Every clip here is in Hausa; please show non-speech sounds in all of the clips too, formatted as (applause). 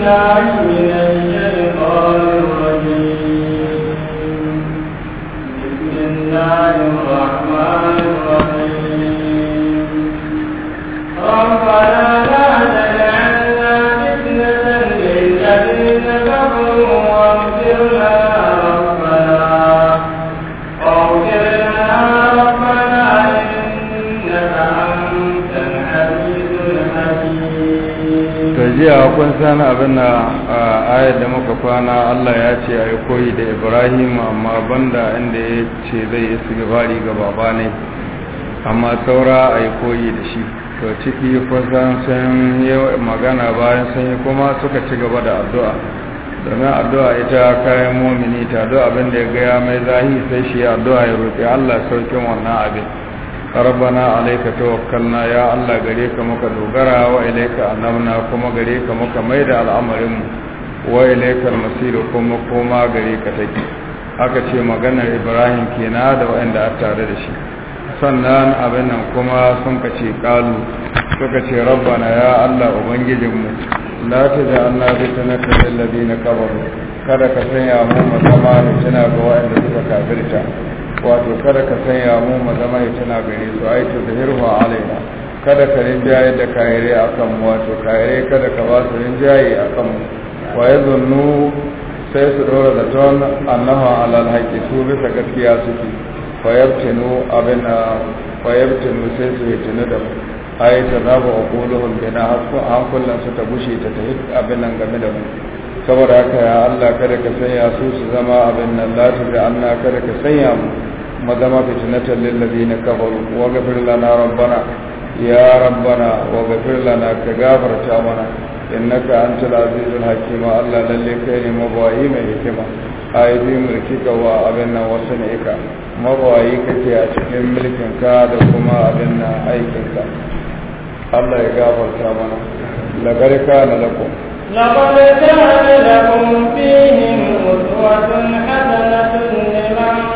بالله من kun san abin da ayar da muka kwana Allah ya ce a yi koyi da Ibrahim amma banda inda ya ce zai yi su gabari ga baba ne amma saura a yi koyi da shi to ciki kusan sun yi magana bayan sun yi kuma suka ci gaba da addu'a domin addu'a ita kayan mumini ta duk abin da ya gaya mai zahi sai shi addu'a ya roƙi Allah saukin wannan abin rabbana alayka tawakkalna ya Allah gare ka muka dogara wa ilayka annabna kuma gare ka muka maida al'amarin mu wa ilayka al-masir kuma koma ka take aka ce maganar Ibrahim kena da waɗanda aka tare da shi sannan abin nan kuma sun kace kalu suka ce rabbana ya Allah ubangijinmu la taj'alna fitnatan lil na kafaru kada ka sanya mu mazama da tana ga waɗanda suka kabirta. wato kada ka sanya mu mu zama ya tana gare su ai to da alaina kada ka rinjaye da kayare akan mu wato kayare kada ka ba su rinjaye akan mu wa yazunnu sai su dora da ton annahu alal haqqi su bisa gaskiya suke fa yabtinu abina fa yabtinu sai su yabtinu da mu ai ta zaba aquluhum bina hakku an kullun su ta bushe ta ta abin nan game da mu saboda haka ya Allah kada ka sanya su su zama abin nan la tu anna kada ka sanya mu mazama fitnatan lil ladina kafaru wa ghfir lana rabbana ya rabbana wa ghfir lana ka gafarta mana innaka antal azizul hakim Allah lalle kai ne mabayi mai hikima ayi mulkika wa abin nan wasanika mabayi kake a cikin mulkin ka da kuma abin nan aikin ka Allah ya gafarta mana lagarka na lakum لقد كان لكم فيهم أسوة حسنة لمن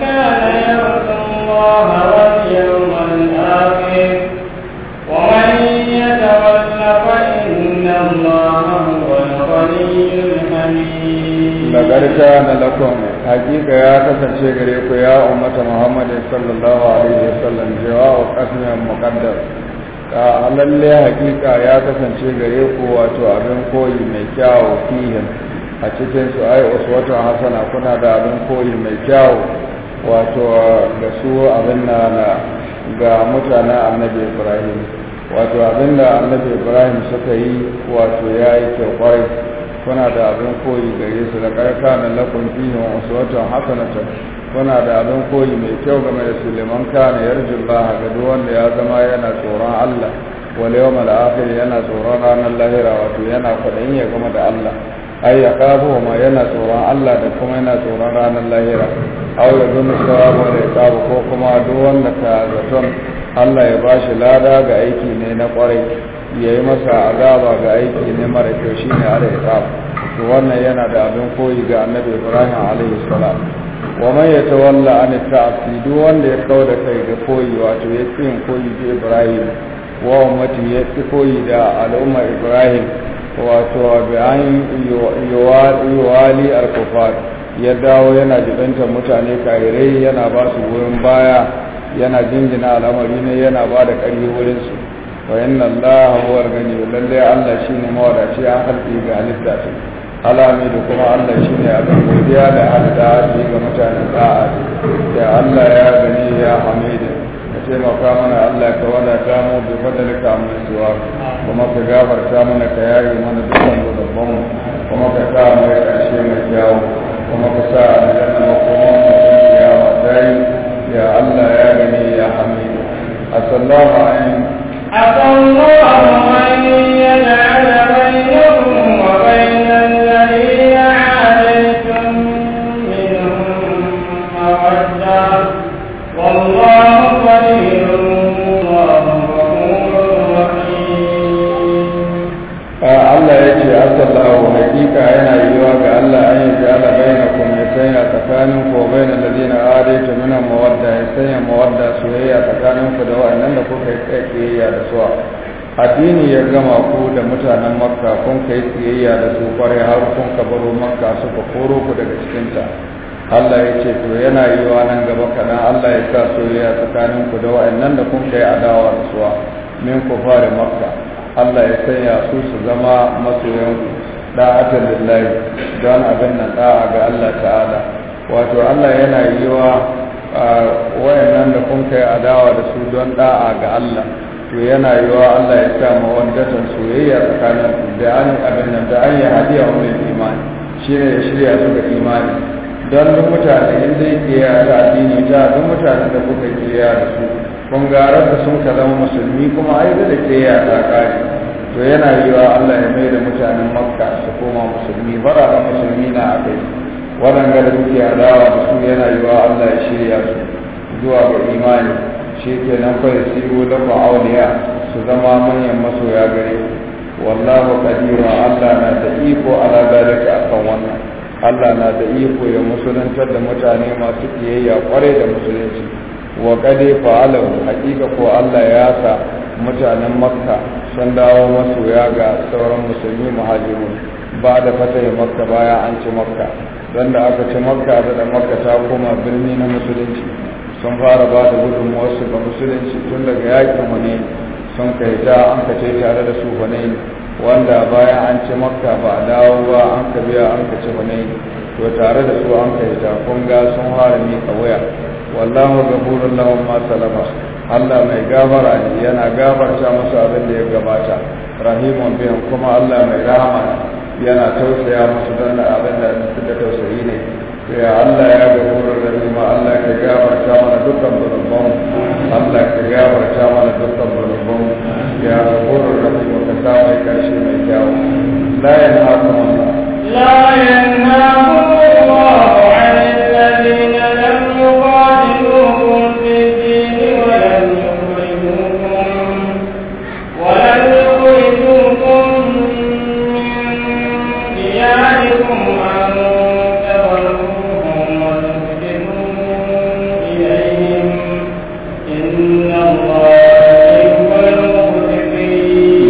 كان يرجو الله واليوم الآخر ومن يتول فإن الله هو الغني الحميد. كان لكم hakika ya kasance gare ku ya umata muhammadin sallallahu alaihi wasallam jawa a kasniyar muqaddas a lalle hakika ya kasance gare ku wato abin koyi mai kyawu fiye a cikin su ai uswatun hasana kuna da abin koyi mai kyawu wato ga su abin na ga mutanen annabi ibrahim wato abin da annabi ibrahim suka yi wato ya yi kyau kuna da abin koyi gare su da karka na lakon wasu wata hasana kuna da abin koyi mai kyau game da suleiman kana yarjullah ga duk wanda ya zama yana tsoron Allah wal yawmal akhir yana tsoron ranar lahira wato yana kwaɗayin ya gama da Allah ai ya ma yana tsoron Allah da kuma yana tsoron ranar lahira aw ya zunnu sawabu da kafu ko kuma duk wanda ka zaton Allah ya bashi lada ga aiki ne na kwarai ya yi masa azaba ga aiki ne mara kyau shine al-iqab to wannan yana da abin koyi ga Annabi Ibrahim alaihi salam wa man yatawalla an ta'ati duk wanda ya kawo da kai ga koyi wato ya koyi da Ibrahim wa ummati ya ci koyi da al'umma Ibrahim wato bi an yuwali al-kufar ya dawo yana jibantar mutane kairai yana ba su wurin baya yana jingina al'amari ne yana ba da ƙarfi wurin su wa inna Allah huwa al-ghani lalle Allah shine mawadaci a halki ga halitta da kuma Allah shi ne abin godiya da shi ga mutanen da'a da Allah ya gani ya ka taimaka mana Allah ka wadata mu bi fadalika kuma ka gafarta mana ka yayi mana dukkan dubban mu kuma ka sa mai karshe mai kyawu kuma ka sa makoman ya ya Allah ya gani ya tsakanin ku bai na na are ta nuna mawadda ya sanya mawadda soyayya tsakanin ku da wa'annan da kuka yi tsayayya da suwa addini ya gama ku da mutanen makka kun kai tsayayya da su kwarai har kun ka baro makka suka koro ku daga cikinta Allah ya ce to yana yi wa nan gaba kaɗan Allah ya sa soyayya tsakanin ku da wa'annan da kun kai adawa da suwa, min ku fara makka Allah ya sanya su su zama masoyanku da'atan lillahi don abin nan da'a ga Allah ta'ala wato Allah yana yi wa wayannan da kun kai adawa da su don da'a ga Allah to yana yi wa Allah ya sa mawaddatan soyayya tsakanin da an abin nan da an yi hadiya wa imani shi ne shirya su ga imani don duk mutane in zai kiyaye da addini ta duk mutane da kuka kiyaye da su kun garar da sun zama musulmi kuma ai da kiyaye ta kare to yana yiwa Allah ya mai da mutanen makka su koma musulmi da musulmi na a kai waɗanda da suke adawa da su yana yi wa Allah ya shirya su zuwa ga imani shi ke nan fa da lakum awliya su zama manyan masoya gare wallahu qadirun Allah na da iko ala dalika akan wannan Allah na da iko ya musuluntar da mutane masu kiyayya kwarai da musulunci wa qad fa'ala hakika ko Allah ya sa mutanen makka sun dawo masoya ga sauran musulmi muhajirun ba da fatahi makka baya an ci makka wanda aka ce makka da makka ta koma birni na musulunci sun fara ba da wasu ga musulunci tun daga yakin wani sun kai ta an kace tare da su wani wanda bayan an ce makka ba a dawo ba an ka biya an ce wani to tare da su an kai ta kun ga sun fara a waya wallahu ghafurur lahum ma salama Allah mai gafara yana gafarta musu abin da ya gabata rahimun biyan kuma Allah mai rahama yana tausaya musu don abin da suka tausayi ne ya Allah ya gafurar da ma Allah ka gafarta mana dukkan zunuban Allah ka gafarta mana dukkan zunuban ya gafurar da ma ka sa mai mai kyau. la hakan Allah la yanhaqu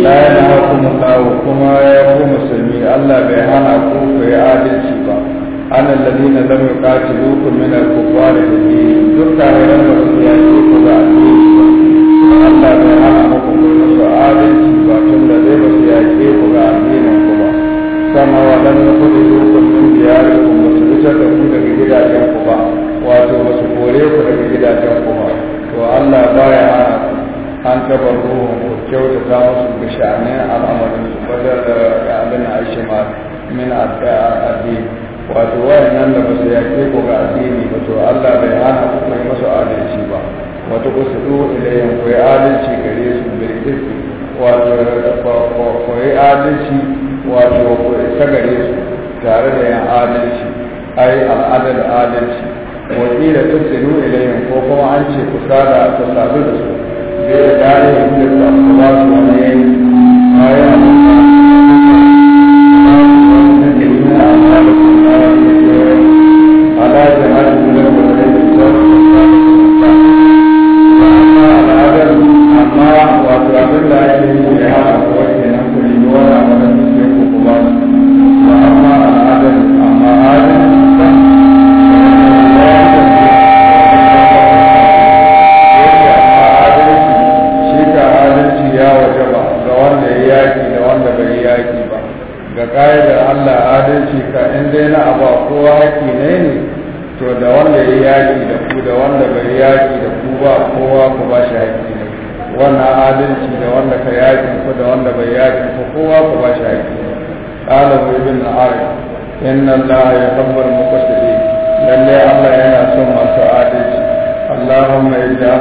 la yana hukumu lawo kuma ya ku musulmi Allah bai hana ku ku yi adalci ba ana lalina lam yuqatiluku min al-kuffar da din duk kafiran da masu ya ce ku ga addini ba Allah bai hana muku ku yi adalci ba tun da zai ba su ya ce ku ga addinin ku ba sama wa lam yuqatiluku min diyarikum ba su fitar da ku daga gidajen ku ba wato ba su kore ku daga gidajen ku ba to Allah baya hana an kafa ruhun ku kyautata musu ga sha'anin al'amarin su badar da abin ma min addu'a'adi wato wayannan da ba su yake ku ga addini ba to Allah bai hana ku kai masu adalci ba wato ku su duhu ilayhin ku yi adalci gare su bai kifi wato ku yi adalci wato ku ta gare su tare da yan adalci ai al'adar adalci wakila tusiru ilayhin ko kuma an ce ku sada ta sadu da su في إعلان الصلاة والسلام على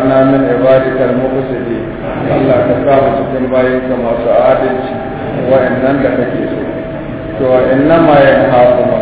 ja'alna min ibadika al-muqsitin Allah ka sa mu cikin bayinka masu adalci wa'annan da kake so to inna ma yanhaqu Allah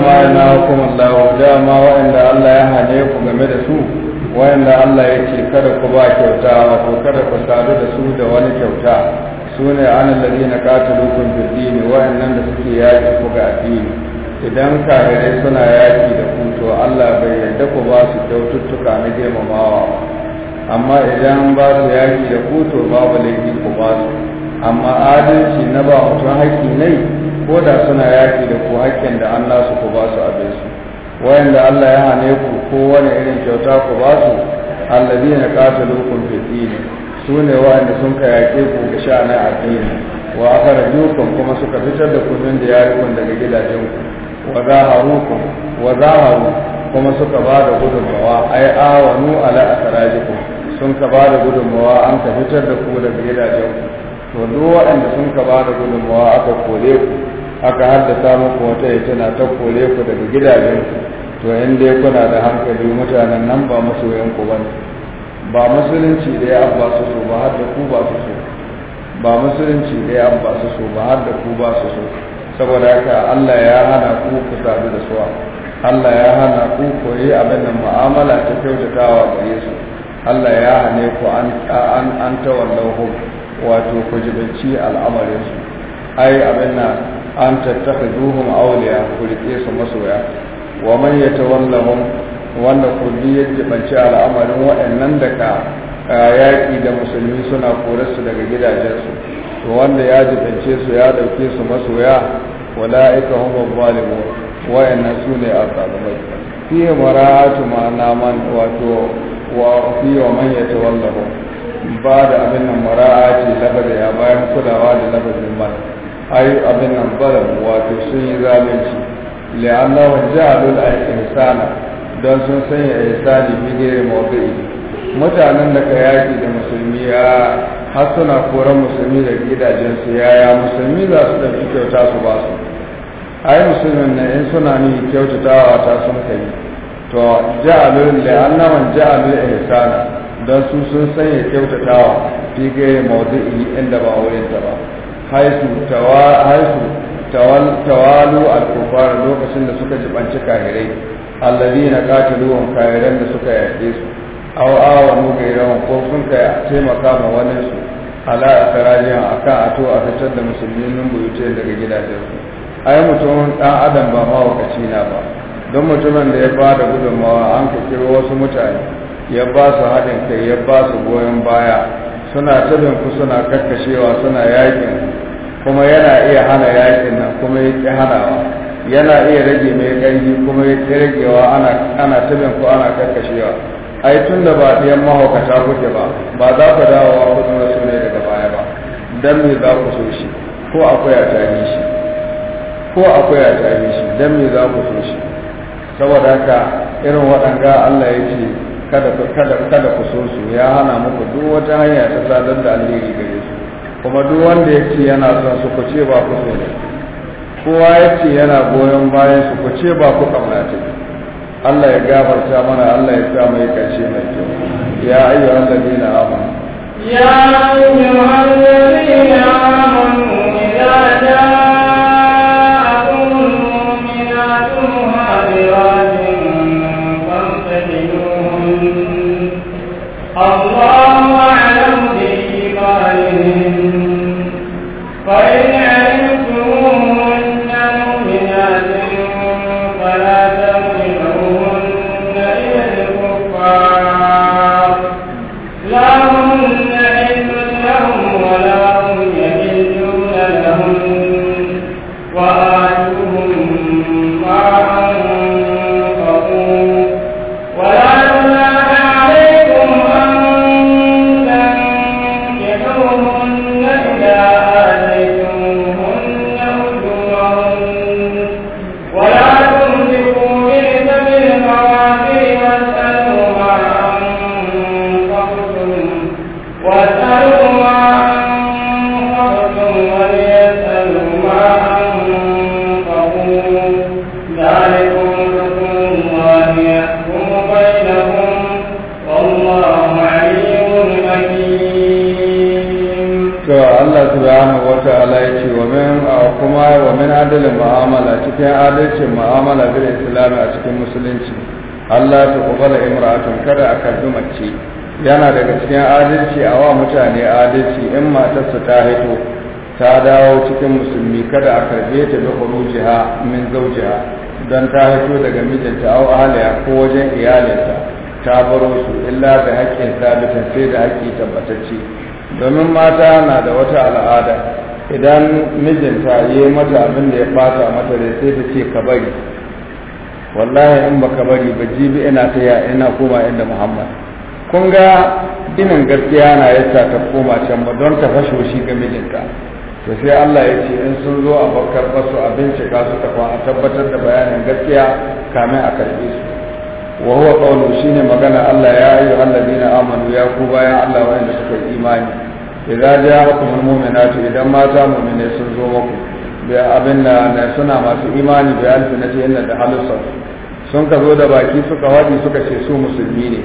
ma yana hukumar lawo dama waɗanda Allah ya hane ku game da su waɗanda Allah ya ce kada ku ba kyauta wato kada ku sadu da su da wani kyauta su ne anan lalle na katalukun birdini waɗannan da suke yaƙi ku ga addini idan kafirai suna yaki da ku to Allah bai yarda ku ba su kyaututtuka na girmamawa amma idan ba su yaki da ku to babu laifi ku ba su amma adalci na ba mutum haƙƙi ne ko da suna yaƙi da ku haƙƙin da Allah su ku ba su abin su wayanda Allah ya hane ku ko wani irin kyauta ku ba su allazina qataluukum fi dini sune wayanda sun ka yaƙe ku ga sha'anin addini wa akhrajukum kuma suka fitar da ku min diyarikum daga gidajen ku wa zaharukum wa zaharu kuma suka ba da gudunmawa ai awanu ala akhrajikum sun ka ba da gudunmawa an ka fitar da ku daga gidajen ku to duk waɗanda sun ka ba da gudunmawa aka kore ku aka haddasa muku wata ya tana ta kore ku daga gidajen to in dai kuna da hankali mutanen nan ba masoyan ku ba ba musulunci da ya ba su so ba har da ku ba su so ba musulunci da ya ba su so ba har da ku ba su so saboda haka Allah ya hana ku ku sadu da suwa Allah ya hana ku koyi abin da mu'amala ta kyautatawa gare su Allah ya hane ku an an tawallahu wato ku jibanci al'amarin su ai abin na an tattaka duhun auliya ku rike su masoya wa man yatawallahum wanda ku biye jibanci al'amarin waɗannan da ka yaƙi da musulmi suna su daga gidajensu to wanda ya jibance su ya ɗauke su masoya wala'ika hum zalimun wa'annan su ne azzalumai fi maratu ma'ana man wato wa fi wa man yatawallahu ba da abin nan mara'a ce lafazi ya bayan kulawa da lafazin mara ayu abin nan baram wato sun yi zalunci wa ja'alul al-insana don sun sanya ihsani bi ghairi mawdi'i mutanen da ka yaki da musulmi ya har suna koran musulmi da gidajen su yaya musulmi za su dauki kyauta su ba su ai musulmin na in suna ni kyautatawa ta sun kai to ja'alul wa ja'alul ihsana don su sun sanya kyautatawa fi gairi mawdu'i inda ba wurin ta ba haisu tawalu al-kufar lokacin da suka jibanci kahirai allazi na ruwan kahiran da suka yaƙe su aw awanu gairawan ko sun ka taimaka ma wani su ala asarajiyan akan ato a fitar da musulmi mun buyuce daga gidajensu ai mutum dan adam ba mawakaci na ba don mutumin da ya ba da gudunmawa an ka wasu mutane ya ba su haɗin kai ya ba su goyon baya suna tudun ku suna kakkashewa suna yakin kuma yana iya hana yakin nan kuma ya ƙi hanawa yana iya rage mai ƙarfi kuma ya ƙi ragewa ana tudun ku ana kakkashewa ai tun da ba ɗayan mahaukata kuke ba ba za ku dawowa ku zama su ne daga baya ba dan me za ku so shi ko akwai a tare shi ko akwai a tare shi dan me za ku so shi saboda haka irin waɗanga Allah ya ce kada ku kada kada ku so su ya hana muku duk wata hanya ta sadar da alheri gare su kuma duk wanda ya ce yana son su ku ce ba ku so ne kowa ya ce yana goyon bayan su ku ce ba ku kamata Allah ya gafarta mana Allah ya sa mai kace mai kyau ya ayyuhan ladina amanu ya ayyuhan ladina amanu idza jaa Wataala ya ce wa min kuma wa min adalin mu'amala cikin adalcin mu'amala bil islam a cikin musulunci Allah ta kubala imratun, kada a karbi mace yana daga cikin adalci a wa mutane adalci in matarsa ta haito ta dawo cikin musulmi kada a karbe ta bi khurujiha min zawjiha dan ta haito daga mijinta aw ahliya ko wajen iyalinta ta baro su illa da haƙƙin sabitin sai da haƙƙi tabbatacce domin mata na da wata al'ada idan mijinta ya mata abin da ya bata mata da sai ta ce ka bari wallahi in ba ka bari ba jibi ina ta ya ina koma inda muhammad kun ga ginin gaskiya na yasa ta koma can ba don ta fashe shi ga mijinta to sai Allah ya ce in sun zo a bakar basu abinci bincika su tafa a tabbatar da bayanin gaskiya kamin a karbe su wa huwa shine magana Allah ya ayu alladina amanu ya ku bayan Allah wanda suka yi imani idza ja'akumul mu'minatu idan mata mu'mine sun zo muku bi abin na suna masu imani bi alfinati inna da halusa sun ka zo da baki suka wadi suka ce su musulmi ne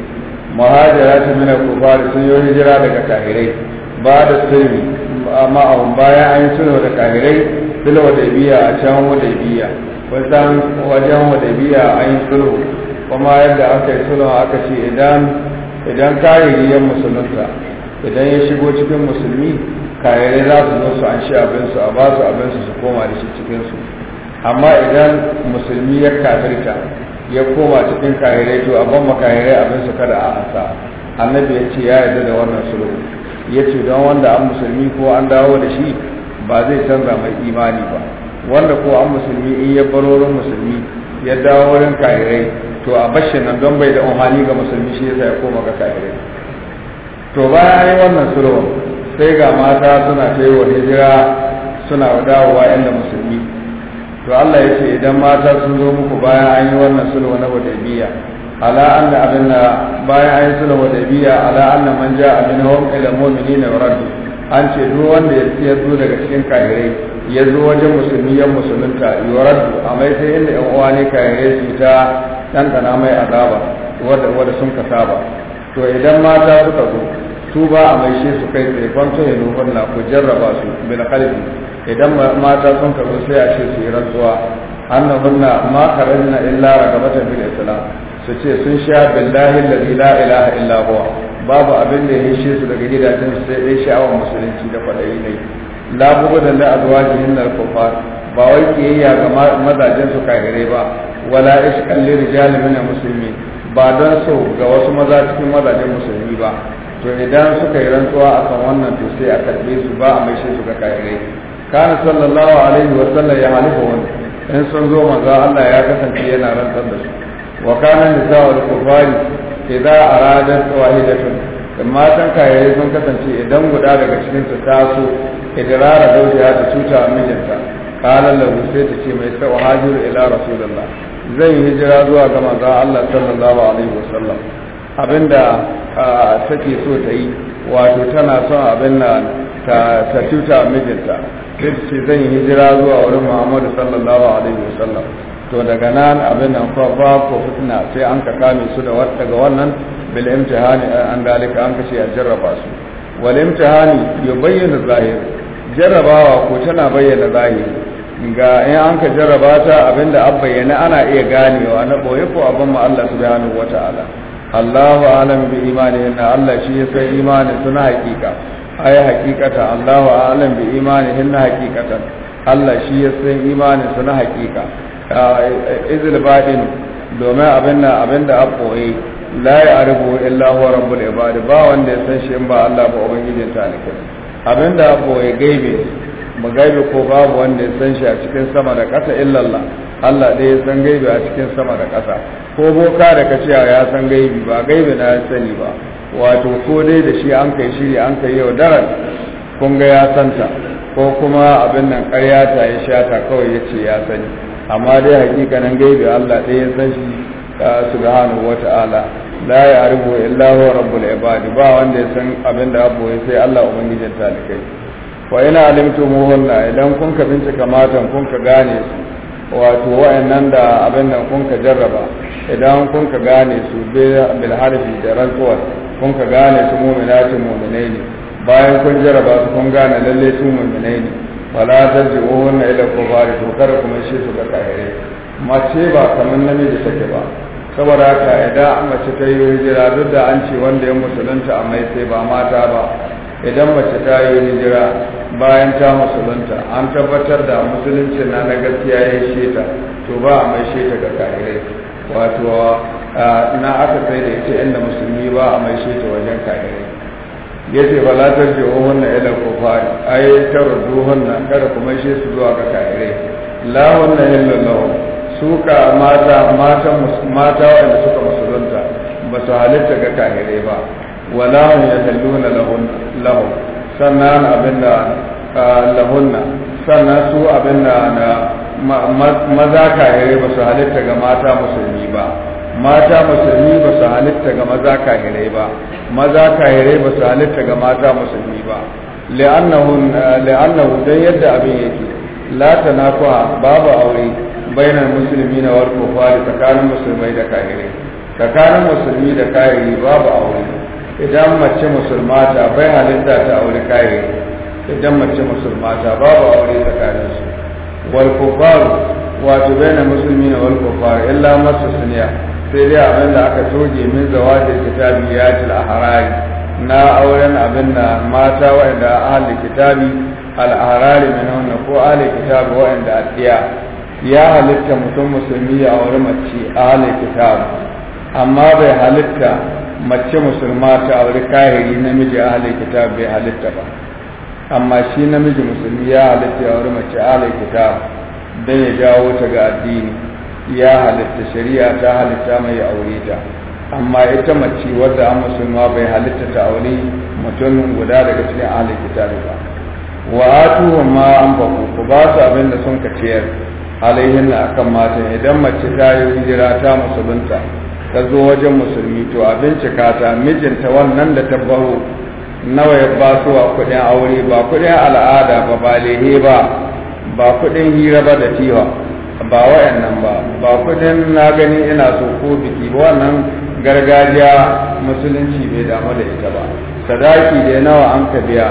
muhajiratu min al-kufar sun yi hijira daga kahirai ba da sirri amma a bayan an yi sulhu da kahirai sulhu da biya a can wadaibiya wajen wajen wadaibiya an yi sulhu kuma yadda aka yi sulhu aka ce idan idan riyan musulunta idan ya shigo cikin musulmi kayayyar za su zo su an shi abinsu a ba su abinsu su koma da shi cikinsu amma idan musulmi ya kafirta ya koma cikin kayayyar to abin ban makayayyen abinsu kada a asa annabi ya ce ya yarda da wannan sulhu ya ce don wanda an musulmi ko an dawo da shi ba zai canza mai imani ba wanda ko an musulmi in ya barorin musulmi ya dawo wurin kayayyar. to a bashin nan don bai da umarni ga musulmi shi yasa ya koma ga kafirai to bayan yi wannan sulhu sai ga mata suna ta yi wa hijira suna dawowa inda musulmi to Allah ya ce idan mata sun zo muku bayan an yi wannan sulhu na hudaybiya ala anna abinna bayan an yi sulhu hudaybiya ala anna man ja'a minhum ila wa yuraddu an ce duk wanda ya zo daga cikin kafirai ya zo wajen musulmi yan musulunta yoradu, a mai sai inda yan uwa ne kayan su ta ɗanɗana mai azaba wadda wadda sun ka saba to idan mata suka zo su ba a mai shi su kai tsaye kwanto ya na, ku jarraba su bin khalifi idan mata sun ka zo sai a ce su yi rantsuwa hunna ma na illa ta bin islam su ce sun sha billahi alladhi la ilaha illa huwa babu abin da ya shi su daga gidajen su sai dai sha'awar musulunci da kwaɗayi ne la da la azwajihin al kufar ba wai kiyayya ga mazajen su kahire ba wala ishqan lirijal na musulmi ba don so ga wasu maza cikin mazajen musulmi ba to idan suka yi rantsuwa akan wannan to sai a karbe su ba a shi su ga kare kana sallallahu alaihi wa sallam ya halifa wani in sun zo maza Allah ya kasance yana rantsar da su wa kana nisa'ul kufari idza aradat wahidatun matan kai sun kasance idan guda daga su ta so idirara daujiya ta cuta a mijinta ka lagu sai ta ce mai ta hajiru ila rasulullah zai hijira zuwa ga manzon Allah sallallahu alaihi wasallam abinda take so ta yi wato tana son abin nan ta ta tuta mijinta sai ce zan hijira zuwa wurin Muhammadu sallallahu alaihi wasallam to daga nan abin nan fa ba ko fitna sai an ka kame su da wata daga wannan bil imtihani an dalika an kace a jarraba su wal imtihani yubayyin zahir jarrabawa ko tana bayyana zahiri ga in an ka jarraba ta abinda an bayyana ana iya ganewa na boye ko abin mu Allah subhanahu wataala Allahu alam bi inna Allah shi ya san imanin suna hakika ai hakikata Allahu alam bi imani na hakikatan Allah shi ya san imanin suna hakika izil badin domin abin nan abin da an boye la ya illa huwa rabbul ibad ba wanda ya san shi in ba Allah ba ubangijin talikai abin da an boye gaibe magaibi ko babu wanda ya san shi a cikin sama da ƙasa illallah Allah ɗaya ya san gaibi a cikin sama da ƙasa ko boka da ka cewa ya san gaibi ba gaibi na ya sani ba wato ko dai da shi an kai shiri an kai yau daren kun ga ya santa ko kuma abin nan ƙarya ta ya shata kawai ya ce ya sani amma dai hakikanin gaibi Allah ɗaya ya san shi subhanahu wata'ala la ya arifu illa huwa rabbul ibadi ba wanda ya san abin da abu sai Allah ubangijin talikai wa ina alimtumuhunna idan kun ka bincika matan kun ka gane su wato wa'annan da abin nan kun ka jarraba idan kun ka gane su bil harfi da rantsuwar kun ka gane su mu'minatin mu'minai ne bayan kun jarraba su kun gane lalle su mu'minai ne wala tarji'uhunna ila kufari to kar ku mai shi su ga kahire mace ba kamar namiji take ba saboda haka idan mace ta yi hijira duk da an ce wanda ya musulunta a mai sai ba mata ba idan mace ta yi hijira bayan ta musulunta an tabbatar da musulunci na na gaskiya ya sheta to ba a mai sheta ga kahirai wato na aka sai da ita inda musulmi ba a mai sheta wajen kahirai ya ce ba la tarje hunna ila kufari ai tardu wannan, kada kuma shi su zuwa ga kahirai la na illa lahu suka mata mata mata wanda suka musulunta ba su halitta ga kahirai ba wala ya talluna lahun sannan abin da sannan su abin da na maza kahirai ba su halitta ga mata musulmi ba mata musulmi ba su halitta ga maza kahirai ba maza ba su halitta ga mata musulmi ba li'annahu dan yadda abin yake la babu aure bainar musulmi na warko fari tsakanin musulmai da kahirai tsakanin musulmi da babu aure idan mace musulma ta bai halitta ta aure kayi idan mace musulma ta babu aure tsakanin su wal kufar wato baina musulmi na wal kufar illa masu suniya sai dai abin da aka toge min zawajin kitabi ya til aharari na auren abin da mata waɗanda ahli kitabi al'arari mai nuna ko ahli kitabi waɗanda addiya ya halitta mutum musulmi ya aure mace ahli kitabi amma bai halitta mace musulma ta aure kahiri namiji a kitab bai halitta ba amma shi namiji musulmi ya halitta ya aure mace a kitab don ya jawo ta ga addini ya halitta shari'a ta halitta mai aure ta amma ita mace wadda an musulma bai halitta ta aure mutum guda daga cikin ahalin ne ba wa atu ma an baku ku ba su abin da sun ka ciyar alaihin akan matan idan mace ta yi hijira ta musulunta ta zo wajen musulmi to a bincika ta mijinta wannan da ta baro nawa ya ba su a kuɗin aure ba kuɗin al'ada ba ba lehe ba ba kuɗin hira ba da tiwa ba wa'annan ba ba kuɗin na gani ina so ko biki ba wannan gargajiya musulunci bai damu da ita ba sadaki da nawa an ka biya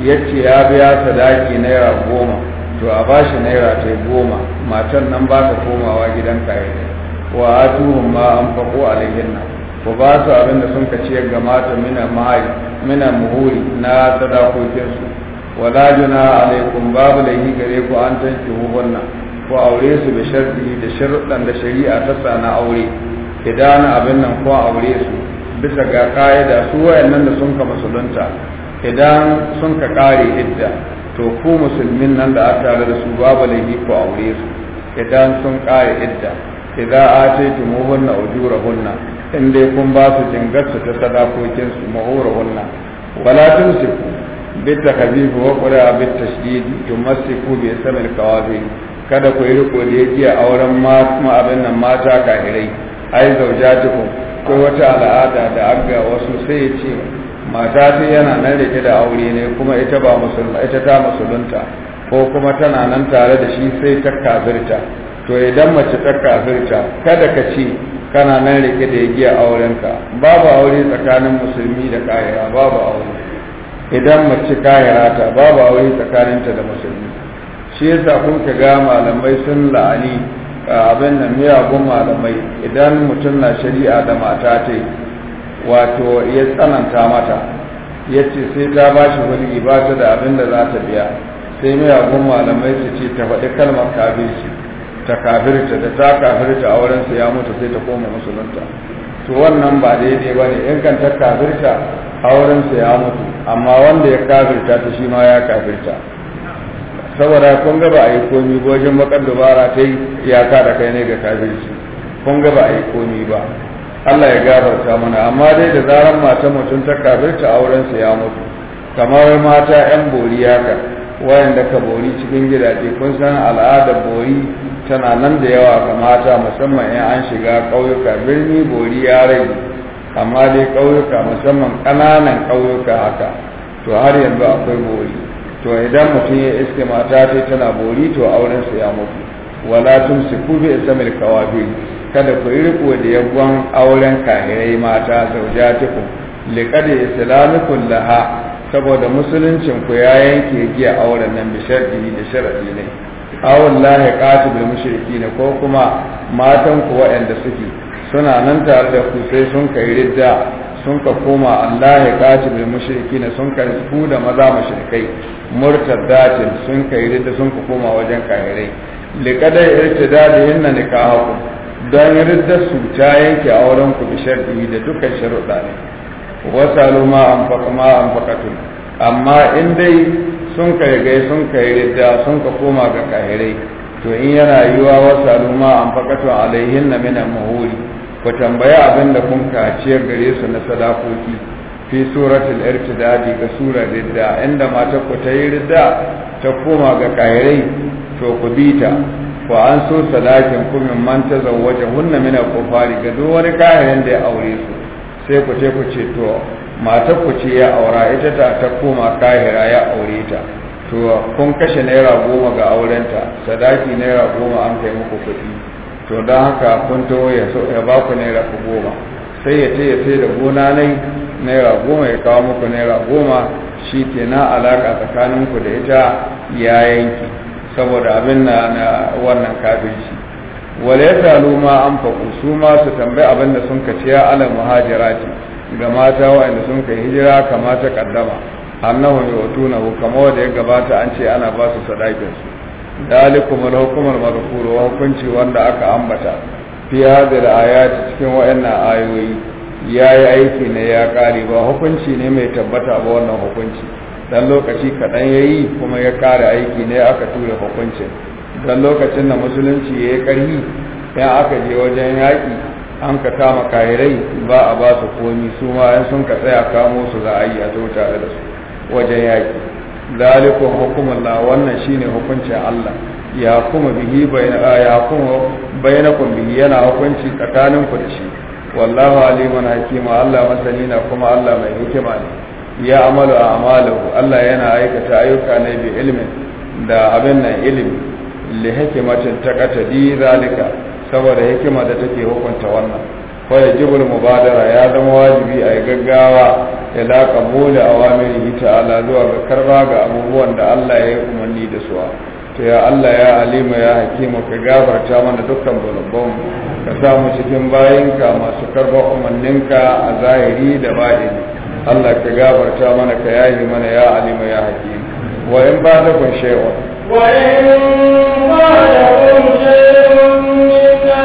yace ya biya sadaki naira goma to a bashi naira ta goma matan nan ba ta komawa gidan kayan wa atuhum ma anfaqu alayhinna ku ba su abin da sun kace ga mata mina mai mina muhuri na sadakokin su wala juna alaykum babu laihi gare ku an tanki wannan ku aure su bi sharɗi da sharuɗan da shari'a ta sana aure idan abin nan ko aure su bisa ga ka'ida su wayannan da sun ka musulunta idan sun ka kare idda to ku musulmin nan da aka tare da su babu laihi ku aure su idan sun kare idda idza ataytumuhunna ujurahunna in dai kun ba su jingarsu ta sadakokin su ma'urahunna wala tumsiku بالتخفيف وقرأ بالتشديد تمسكوا باسم qawabi kada ku yi riko da yake a wurin abin nan mata kahirai ai zaujatuku ko wata al'ada da agga wasu sai ya ce mata ta yana nan da ke da aure ne kuma ita ba musulma ita ta musulunta ko kuma tana nan tare da shi sai ta kafirta to idan mace ta kafirta kada ka ce kana nan rike da igiya aurenka babu aure tsakanin musulmi da kahira babu aure idan mace kahira ta babu aure tsakaninta da musulmi shi yasa kun ka ga malamai sun la'ani abin nan miyagun malamai idan mutum na shari'a da mata ta wato ya tsananta mata ya ce sai ta ba shi wani ba ta da abin da za ta biya sai miyagun malamai su ce ta faɗi kalmar kabirci ta kafirta da ta kafirta aurensa ya mutu sai ta koma musulunta to wannan ba daidai ba ne in kan ta kafirta aurensa ya mutu amma wanda ya kafirta ta shi ma ya kafirta saboda kun ga ba a yi komi ba wajen bakar dubara ta yi iyaka da kai ne ga kafirci kun ga ba a yi komi ba Allah ya gafarta mana amma dai da zaran mata mutum ta kafirta aurensa ya mutu kamar mata 'yan bori ka wayanda ka bori cikin gidaje kun san al'adar bori tana nan da yawa ga mata musamman in an shiga ƙauyuka birni bori ya rage amma dai ƙauyuka musamman ƙananan ƙauyuka haka to har yanzu akwai bori to idan mutum ya iske mata ce tana bori to auren su ya mutu wala tun su kube isa mil kawafi kada ku yi riko da yabon auren kahirai mata zaujatiku liƙada islamikun laha saboda musuluncin ku ya yanke giya auren nan bishar da sharaɗi ne awon qatu ƙati bil mushriki ko kuma matan ku wa'anda suke suna nan tare da ku sai sun kai ridda sun ka koma Allah ya kaci bil mushriki sun kai ku da maza mushrikai murtaddatin sun kai ridda sun ka koma wajen kahirai liqadai irtidadi na nikahu dan ridda su ta yanke auren ku bi shar'i da dukkan sharuɗa ne wasalu ma anfaqa ma anfaqatun amma in dai sun kai gai sun ka yi ridda sun ka koma ga kahirai to in yana yiwa wasa al'umma an fakatu alaihin na mina mahuri ku tambaya abin da kun ka gare su na sadakoki fi suratul irtidadi ga surar ridda inda mata ku ta yi ridda ta koma ga kahirai to ku bi ta ku an so sadakin ku min man ta zawaje hunna mina kufari ga duk wani kahirin da ya aure su sai ku ce ku ce to matar ku ce ya aura ita ta ta koma kahira ya aure ta to kun kashe naira goma ga aurenta sadaki naira goma an kai muku kuɗi to don haka kun taho ya so ya baku naira goma sai ya ce ya sai da gona nai naira goma ya kawo muku naira goma shi ke na alaƙa tsakaninku da ita ya yanki saboda abin na wannan kafinci wale ya ma an faku su ma su tambayi abin da sun kaciya alal muhajirati ga mata wa'anda sun kai hijira kama ta kaddama annahu ko kama wanda ya gabata an ce ana ba su sadakin su dalikum al-hukmul wa hukunci wanda aka ambata fi hadhihi ayati cikin wa'annan ayoyi yayi aiki ne ya kare ba hukunci ne mai tabbata ba wannan hukunci dan lokaci kadan yayi kuma ya kare aiki ne aka tura hukuncin dan lokacin da musulunci yayi karhi ya aka je wajen yaki an ka kama kahirai ba a ba su komi su ma yan sun ka tsaya kamo su za a yi a tare da su wajen yaƙi zalikun hukumullah wannan shine hukuncin Allah ya kuma bihi ya kuma kun bihi yana hukunci tsakanin ku da shi wallahu aliman hakima Allah masani na kuma Allah mai hikima ne ya amalu a Allah yana aikata ayyuka ne bi ilmin da abin nan ilimi li hikimatin takatadi zalika saboda hikima da take hukunta wannan ya jibul mubadara ya zama wajibi a gaggawa kabula awamiri awamirihi ala zuwa ga karba ga abubuwan da Allah ya yi umarni da su to ya Allah ya alima ya hakima ka gafarta mana dukkan zunuban ka samu cikin bayinka masu karba umarninka a zahiri da baɗini Allah ka gafarta mana ka yaye mana ya alima ya hakima wa in ba da kun shewa wa in ba da kun shewa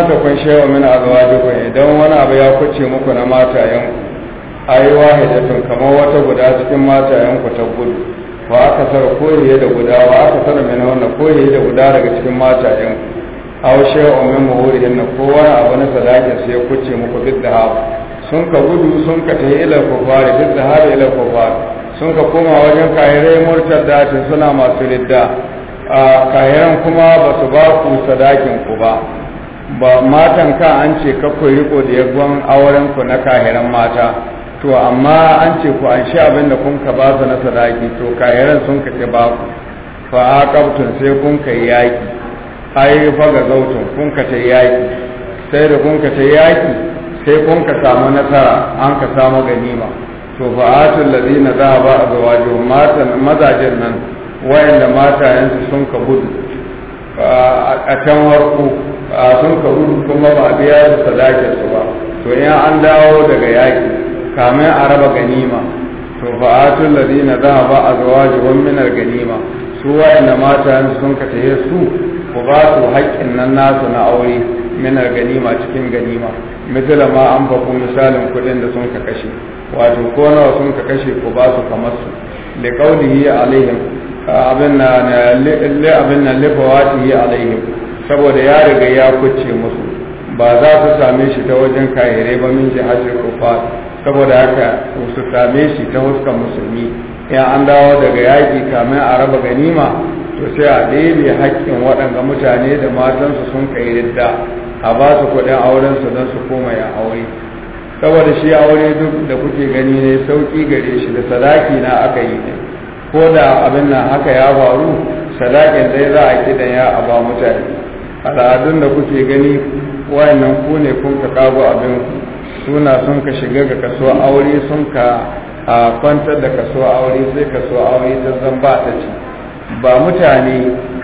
ma ta kun shewa min azwajikum idan wani abu ya kuce muku na matayen ai wahidatun kamar wata guda cikin matayen ku ta gudu wa aka sar koyiye da guda wa aka sar min wannan koyiye da guda daga cikin matayen aw shewa min muhurihin na ko wani abu na sadakin sai ya kuce muku duk da hawa sun ka gudu sun ka tafi ila kufari duk da hawa ila kufari sun ka koma wajen kahirai murtar dacin suna masu ridda a kayan kuma ba su ba ku sadakin ku ba ba matan ka an ce kakwai riko da yagwan auren ku na kahiran mata to amma an ce ku an sha abin da kun ka ba su na sadaki to kahiran sun ka ce ba ku fa aqabtun sai kun ka yaki ai fa ga zautun kun ka ta yaki sai da kun ka ta yaki sai kun ka samu nasara an ka samu ganima to fa atul ladina zahaba azwajuhum matan mazajin nan wayanda yanzu sun ka gudu a can warku a sun ka gudu kuma ba a biya su sadakin su ba to in an dawo daga yaki kamin a raba ganima to fa atul ladina dhahaba azwajuhum min al-ganima su wa'anda mata sun ka tahe su ku ba su haƙƙin nan nasu na aure min al-ganima cikin ganima misala ma an faku misalin kuɗin da sun ka kashe wato ko nawa sun ka kashe ku ba su kamar su da qaulihi alaihim abin na li abin li fawatihi alaihim saboda ya riga ya kuce musu ba za su same shi ta wajen kayere ba min ji ko kufa saboda haka su same shi ta huskan musulmi ya an dawo daga yaƙi kamin a raba ganima to sai a ɗebe haƙƙin waɗanga mutane da matansu sun kai ridda a ba su kuɗin aurensu don su koma ya aure saboda shi aure duk da kuke gani ne sauƙi gare shi da sadaki na aka yi ne ko da abin nan haka ya faru sadakin dai za a kiɗan ya a ba mutane al'adun da kuke gani wayannan ku ne kun ka kago abin suna sun ka shiga ga kaso aure sun ka kwantar da kaso aure sai kaso aure ta zamba ba ta ci ba mutane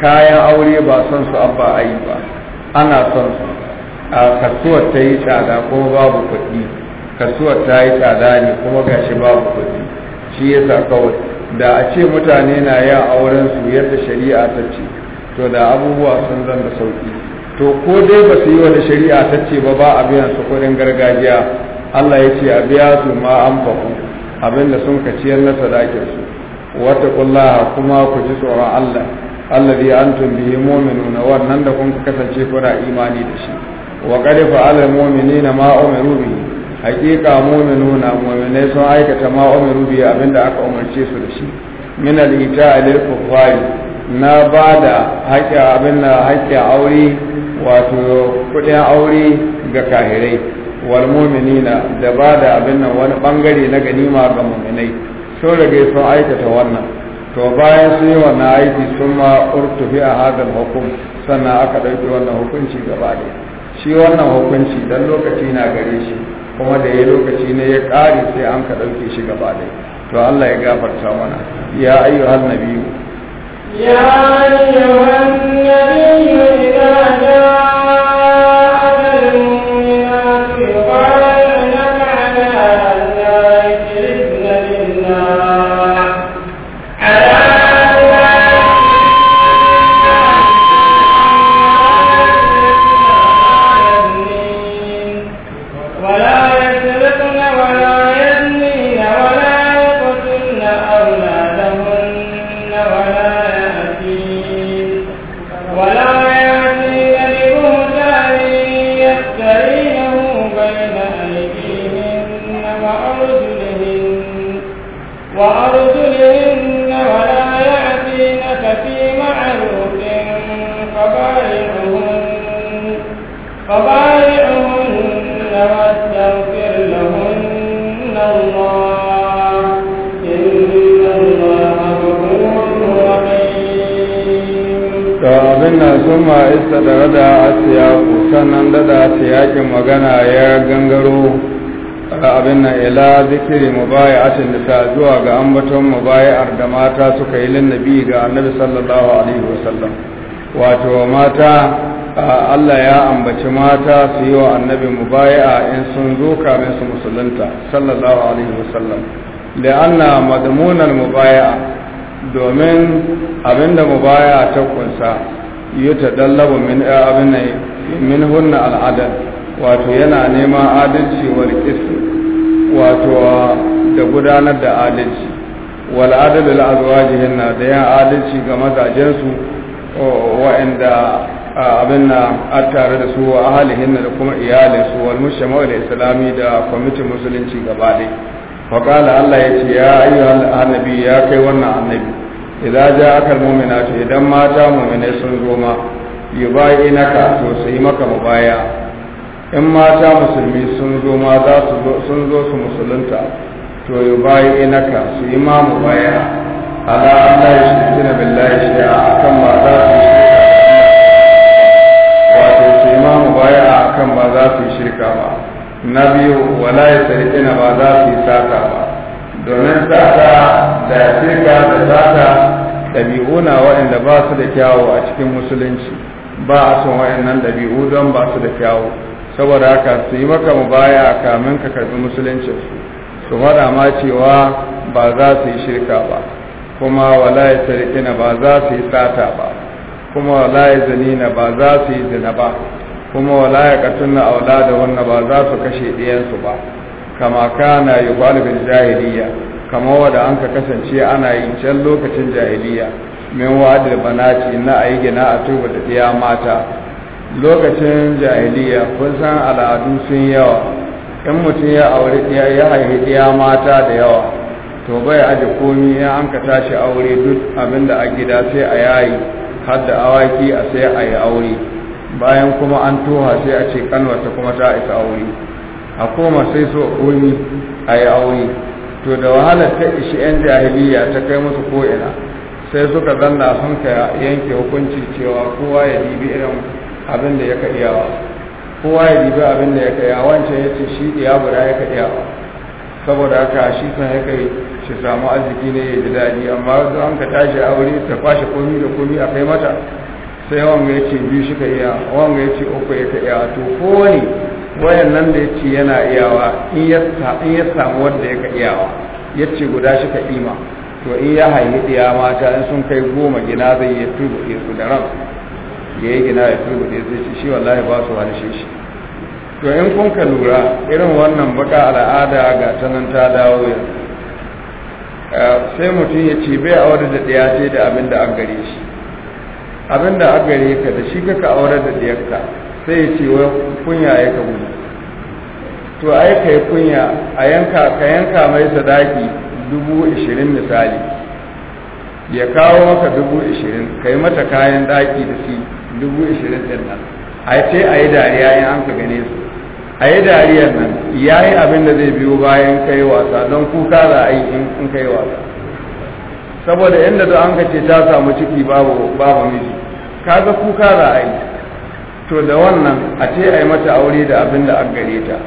kayan aure ba son su abba a yi ba ana son su a kasuwar ta yi tsada kuma babu kuɗi kasuwar ta yi tsada ne kuma gashi babu kuɗi shi yasa kawai da a ce mutane na yin auren su yadda shari'a ta ce to da abubuwa sun zan da sauki to ko dai ba su yi wani shari'a ta ce ba ba a biyan su kudin gargajiya Allah ya ce a biya su ma an baku abinda sun ka ciyar na sadakin su wata kullaha kuma ku ji tsoron Allah Allah tun antum bihi na wannan da kun kasance kuna imani da shi wa qad fa'ala muminina ma umiru hakika haqiqa na mu'minai sun aikata ma umiru bi abinda aka umarce su da shi min al-ita'i lil-kuffari na ba da haƙƙi abin da haƙƙi aure wato kuɗin aure ga kahirai wal mu'minina da ba da abin nan wani bangare na ganima ga mu'minai sun rage sun aikata wannan to bayan sun yi wannan aiki sun ma urtufi a hadal hukum sannan aka ɗauki wannan hukunci gaba ɗaya shi wannan hukunci dan lokaci na gare shi kuma da ya lokaci ne ya ƙare sai an ka ɗauke shi gaba ɗaya to Allah ya gafarta mana ya ayyuhan nabiyyu يا أيها النبي إذا جاء ambaton mubayar da mata suka yi linnabi ga annabi sallallahu alaihi wasallam wato mata Allah ya ambaci mata su yi wa annabi mubaya'a in sun zo kamin su musulunta sallallahu alaihi wasallam da anna madmunan mubaya'a domin abinda mubaya'a ta kunsa ta dallabu min abin min hunna al'adal wato yana nema adalci wal qist wato da gudanar da adalci wal adl lil azwajihin da yan adalci ga mazajensu su wa'anda abin na a da su wa ahalihin da kuma iyalin su wal islami da kwamitin musulunci gaba dai fa Allah yace ya ayyuhal annabi ya kai wannan annabi idza ja'aka al mu'minatu idan mata muminai sun zo ma baya to su yi maka mubaya in mata musulmi sun zo ma za su sun zo su musulunta to yi bayi ka su yi mamu baya ala Allah ya shirki na billahi shi'a kan ba za su shirka ba, wato su yi mamu baya akan ba za su shirka ba na biyu wala ya sarki na ba za su yi sata ba domin sata da shirka da sata ɗabi'u na waɗanda ba su da kyawu a cikin musulunci ba a son waɗannan ɗabi'u don ba su da kyawu saboda haka su yi maka mubaya kamin ka karɓi musuluncinsu su faɗa ma cewa ba za su yi shirka ba kuma wala tarikina ba za su yi sata ba kuma wala zanina ba za su yi zina ba kuma wala ya a aula da wannan ba za su kashe ɗiyansu ba kama kana yi balibin jahiliya kama wada an ka kasance ana yi can lokacin jahiliya min wada banaci na a yi gina a tuba da ɗiya mata lokacin jahiliya kun san al'adu sun yawa in mutum ya aure ya haihi ɗaya mata da yawa to bai aje komi ya an ka tashi aure duk abinda a gida sai a yayi har da awaki a sai a yi aure bayan kuma an toha sai a ce kanwarta kuma ta isa aure a koma sai so komi a yi aure to da wahalar ta ishi 'yan jahiliya ta kai musu ko'ina sai suka zanna sun ka yanke hukunci cewa kowa ya dibi irin abin da ya ka iyawa kowa ya dibi abin da ya kai a wancan ya ce shi ɗiya guda ya ka ɗiya saboda haka shi sun ya kai shi samu arziki ne ya ji daɗi amma wasu an ka tashi a wuri ta kwashe komi da komi a kai mata sai wanga ya ce biyu shi ka iya wanga ya ce uku ya ka iya to kowane wayan nan da ya ce yana iyawa in ya samu wanda ya ka iyawa ya ce guda shi ka ima to in ya haihu ɗiya mata in sun kai goma gina zai ya tuba su da ransu ya yi gina ya turbuɗe sai shi shi wallahi ba su harshe shi to in kun ka lura irin wannan baka al'ada ga sanan ta dawo yanzu eh, sai mutum ya ce bai aure da ya ce da abin da an gare shi abin da an gare ka da shi kaka aure da ɗayarka sai ya ce wai kunya ya ka gudu to ai ka yi kunya a yanka ka yanka mai sadaki dubu ishirin misali ya kawo maka dubu ishirin ka yi mata kayan daki da su dubu ishirin din nan a ce a yi dariya in an ka gane su a yi dariyar nan ya yi abin da zai biyo bayan kai wasa don kuka za a yi in kai wasa saboda inda da an ka ce ta samu ciki babu babu miji kaga kuka za a yi to da wannan a ce a yi mata aure da abin da an gare ta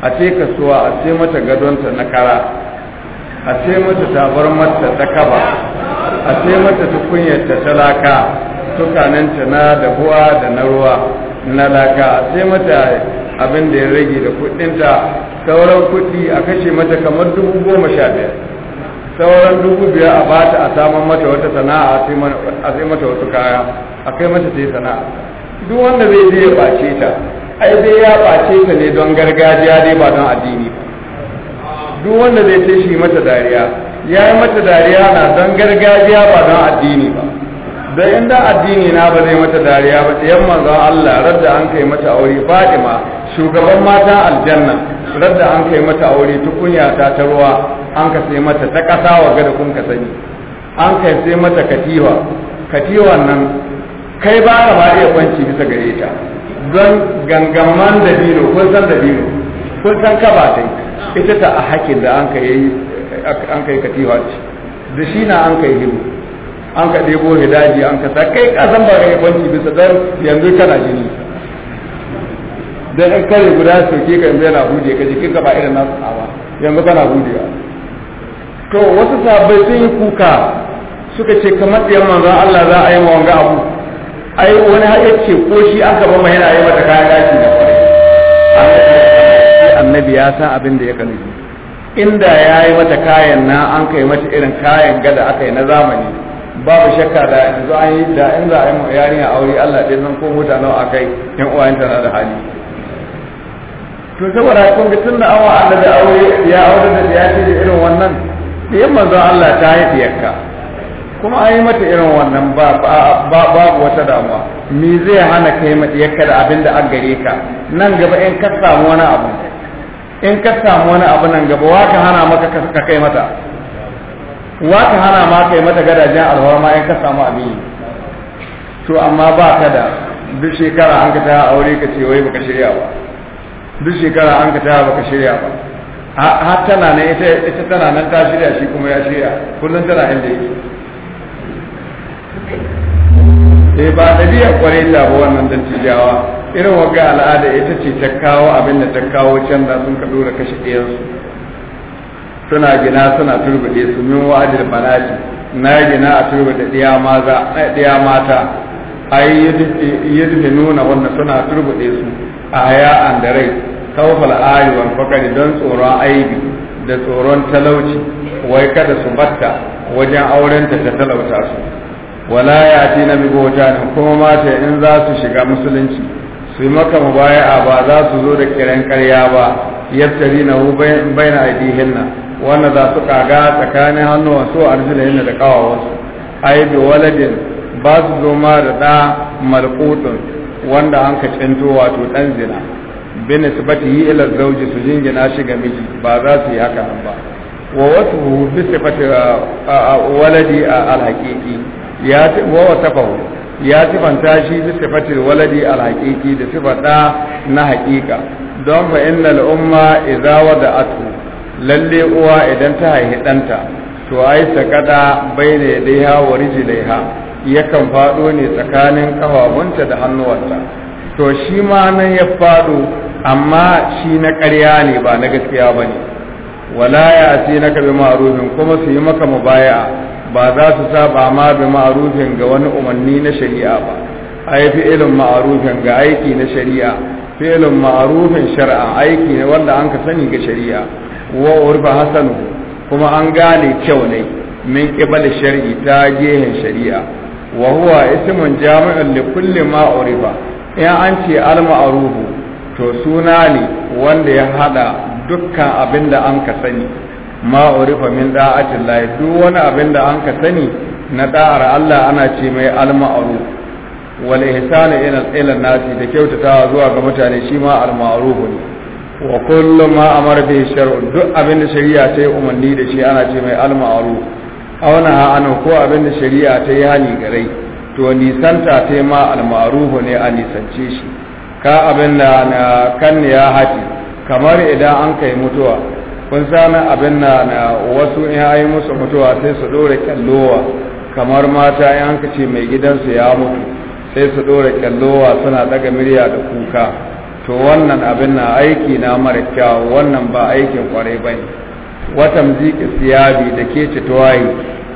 a ce kasuwa a ce mata gadonta na kara a ce mata tabar mata ta kaba a ce mata tukunyar ta talaka tukaninta na dahuwa da na ruwa na laka sai mata abin da ya rage da kudinta sauran kudi a kashe mata kamar dubu goma sha biyar sauran dubu biyar a bata a saman mata wata sana'a a sai mata wasu kaya a kai mata sai sana'a duk wanda zai je ya bace ta ai zai ya bace ta ne don gargajiya dai ba don addini ba duk wanda zai ce shi mata dariya ya yi mata dariya na don gargajiya ba don addini ba don inda addini na ba zai mata dariya ba Yamma manzon Allah radda an kai mata aure Fatima shugaban mata aljanna radda an kai mata aure tukunya ta ta ruwa an ka sai mata ta ƙasa wa gada kun ka sani an kai sai mata katiwa katiwa nan kai ba ka ba iya kwanci bisa gare ta don gangaman da biro kun san da biro kun san ka ba ta ita ta a hakin da an kai katiwa ce da shi na an kai hibu an ka ɗebo hidaji an ka kai ka san ba ka yi banki bisa dan yanzu kana jini dan in kare guda soke ka yanzu yana hude ka jikin ka ba irin nasu tsawa yanzu kana hudewa to wasu sabai sun yi kuka suka ce kamar ɗiyan manzon Allah za a yi ma wanga abu ai wani har yace ko shi an gaba ma yana yi mata kayan gashi da kwarai annabi ya san abin da ya kanu inda ya yi mata kayan na an kai mata irin kayan gada aka yi na zamani babu shakka da yanzu an yi da in za a yi yarinya aure Allah ya zan ko mota nawa akai yan yin tana da hali to saboda kun ga tun da awa Allah da aure ya aure da ya ce irin wannan diyan manzon Allah ta yi diyarka kuma an yi mata irin wannan ba babu wata damuwa me zai hana kai ma diyarka da abin da an gare ka nan gaba in ka samu wani abu in ka samu wani abu nan gaba wa ka hana maka ka kai mata wa ka hana ma kai mata gadajen alhawar in ka samu abin yi to amma ba ka da duk shekara an ka ta aure ka ce wai baka shirya ba duk shekara an ka ta baka shirya ba har tana nan ita ita tana nan ta shirya shi kuma ya shirya kullum tana inda yake sai eh, ba ɗabi'a kwarai ta ba wannan dattijawa irin wagga al'ada ita ce ta kawo abin da ta kawo can da sun ka dora kashe ɗayansu suna gina suna turbide su min wa'adil banati na gina a turbide diya maza diya mata ai yadda nuna wannan suna turbide su a haya an da rai kawfal ayi fakari don tsoron aibi da tsoron talauci wai kada su batta wajen aurenta ta talauta su wala ya ti na bi ne kuma mata in za su shiga musulunci su yi maka mubaya'a ba za su zo da kiran karya ba yadda na hu na aidihin nan wanda za su kaga tsakanin hannuwan su arjulahin da kawawansu ai Aibi, waladin ba su zoma da ɗa malkutun wanda an ka cinto wato ɗan zina bata yi ilar zauji su jingina shi ga miji ba za su yi haka ba wa wasu bi bata waladi a alhaqiqi ya wa fahu ya ci fanta shi bi sifatil waladi a alhaqiqi da ɗa na hakika. don fa innal umma idza wada'atu lalle uwa idan ta haihi ɗanta to ai sakada bai da daiha wa rijilaiha yakan faɗo ne tsakanin ƙafafunta da hannuwanta to shi ma nan ya faɗo amma shi na ƙarya ne ba na gaskiya ba ne wala ya ce na bi ma'arufin kuma su yi maka mubaya ba za su saba ma bi ma'arufin ga wani umarni na shari'a ba ai fi'ilin ma'arufin ga aiki na shari'a fi'ilin ma'arufin shari'a aiki ne wanda an ka sani ga shari'a wa urba hasanu kuma an gane kyau ne min qibal shar'i ta gehen shari'a wa huwa ismun jami'un li kulli ma uriba in an ce al ma'rufu to suna ne wanda ya hada dukkan abin da an ka sani ma urifa min da'atin lahi duk wani abin da an ka sani na da'ar Allah ana ce mai al ma'ruf wal ihsan ila ila nasi da kyautatawa zuwa ga mutane shi ma al ma'ruf ne wa kullu ma amara bi shar'u duk abin da shari'a ta yi umarni da shi ana ce mai al-ma'ruf auna ha ko abin da shari'a ta yi hali garai to nisanta ta ma al ne a nisance shi ka abin da na kan ya haji kamar idan an kai mutuwa kun sani abin da na wasu in ya yi musu mutuwa sai su dore kallowa kamar mata in an kace mai gidansu ya mutu sai su dore kallowa suna daga murya da kuka to wannan abin na aiki na mara kyau wannan ba aikin ba ne. watan ziki siyabi da ke ci tuwayi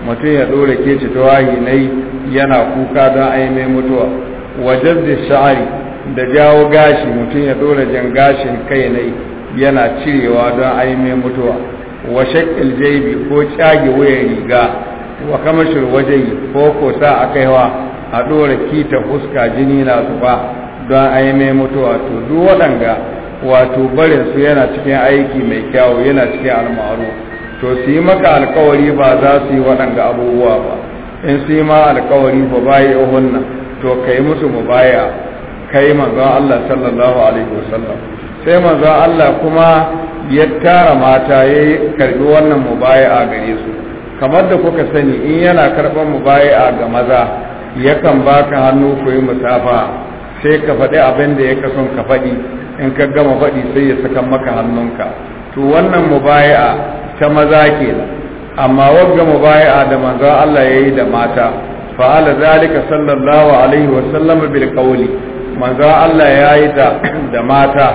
mutum ya dore ke ci tuwayi na yana kuka don ai mai mutuwa wajen da sha'ari da jawo gashi mutum ya dore jan gashin kai na yi yana cirewa don ai mutuwa wa shakil jaibi ko cage wuyan riga wa kamashin wajen ko kosa sa a kaiwa a dora kita fuska jini na zuba don a yi mai mutuwa to duk waɗanga wato barin su yana cikin aiki mai kyawu yana cikin almaru to su yi maka alkawari ba za su yi waɗanga abubuwa ba in su yi ma alkawari ba bayi ohunna to ka yi musu baya kai manzon Allah sallallahu alaihi wasallam sai manzon Allah kuma ya tara mata ya karbi wannan mubaya'a gare su kamar da kuka sani in yana karban mubaya'a ga maza yakan baka hannu ku yi musafa sai ka faɗi abin da ya son ka faɗi in ka gama faɗi sai ya saka maka hannunka to wannan mubaya'a ta maza ke amma wagga mubaya'a da manzo Allah ya yi da mata fa'ala zalika sallallahu alaihi wa sallam bil qawli manzo Allah ya yi ta (coughs) da mata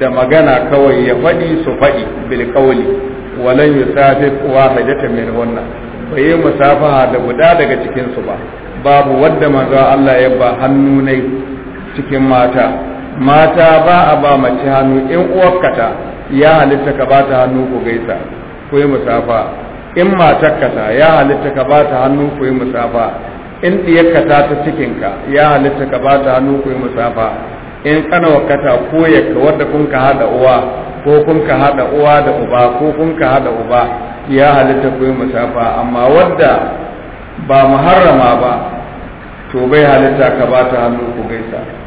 da magana kawai ya faɗi su faɗi bil qawli walan yusafif wahidata min hunna bai musafaha da guda daga cikin su ba babu wadda manzo Allah ya ba hannu ne cikin mata mata ba a ba mace hannu in uwarkata ya halitta ka ba ta hannu ku gaisa ku yi musafa in matakata, ya halitta ka ba ta hannu ku yi musafa in diyarkata ta cikinka ya halitta ka ba ta hannu ku yi musafa in kanawarkata ko yakka wadda kun ka haɗa uwa ko kun ka hada uwa da uba ko kun ka haɗa uba ya halitta ku yi musafa amma wadda ba muharrama ba to bai halitta ka ba ta hannu ku gaisa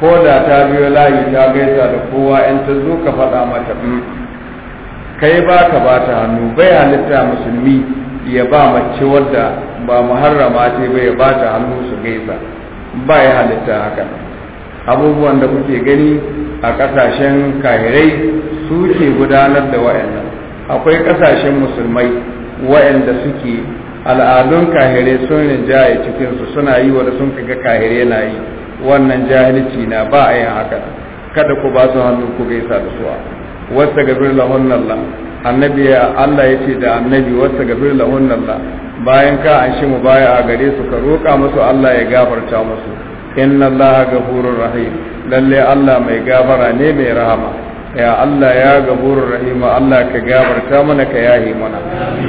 ko da ta biyo layi ta gaisa da kowa in ta zo ka faɗa mata kai ba ka ba ta hannu bai halitta musulmi ya ba mace wadda ba muharrama ce bai ya ba ta hannu su gaisa ba ya halitta haka abubuwan da kuke gani a ƙasashen kahirai su ke gudanar da wa'annan akwai ƙasashen musulmai wa'anda suke al'adun kahirai sun rinjaye cikinsu suna yi wa sun kaga kahirai na yi wannan jahilci na ba a yin haka kada ku ba su hannu ku gaisa da suwa wasta gabir lahunnallah annabi Allah ya ce da annabi wasta gabir lahunnallah bayan ka an shi mu baya a gare su ka roƙa musu Allah ya gafarta musu inna Allah gafurur rahim lalle Allah mai gafara ne mai rahama ya Allah ya gafurur rahim Allah ka gafarta mana ka yahi mana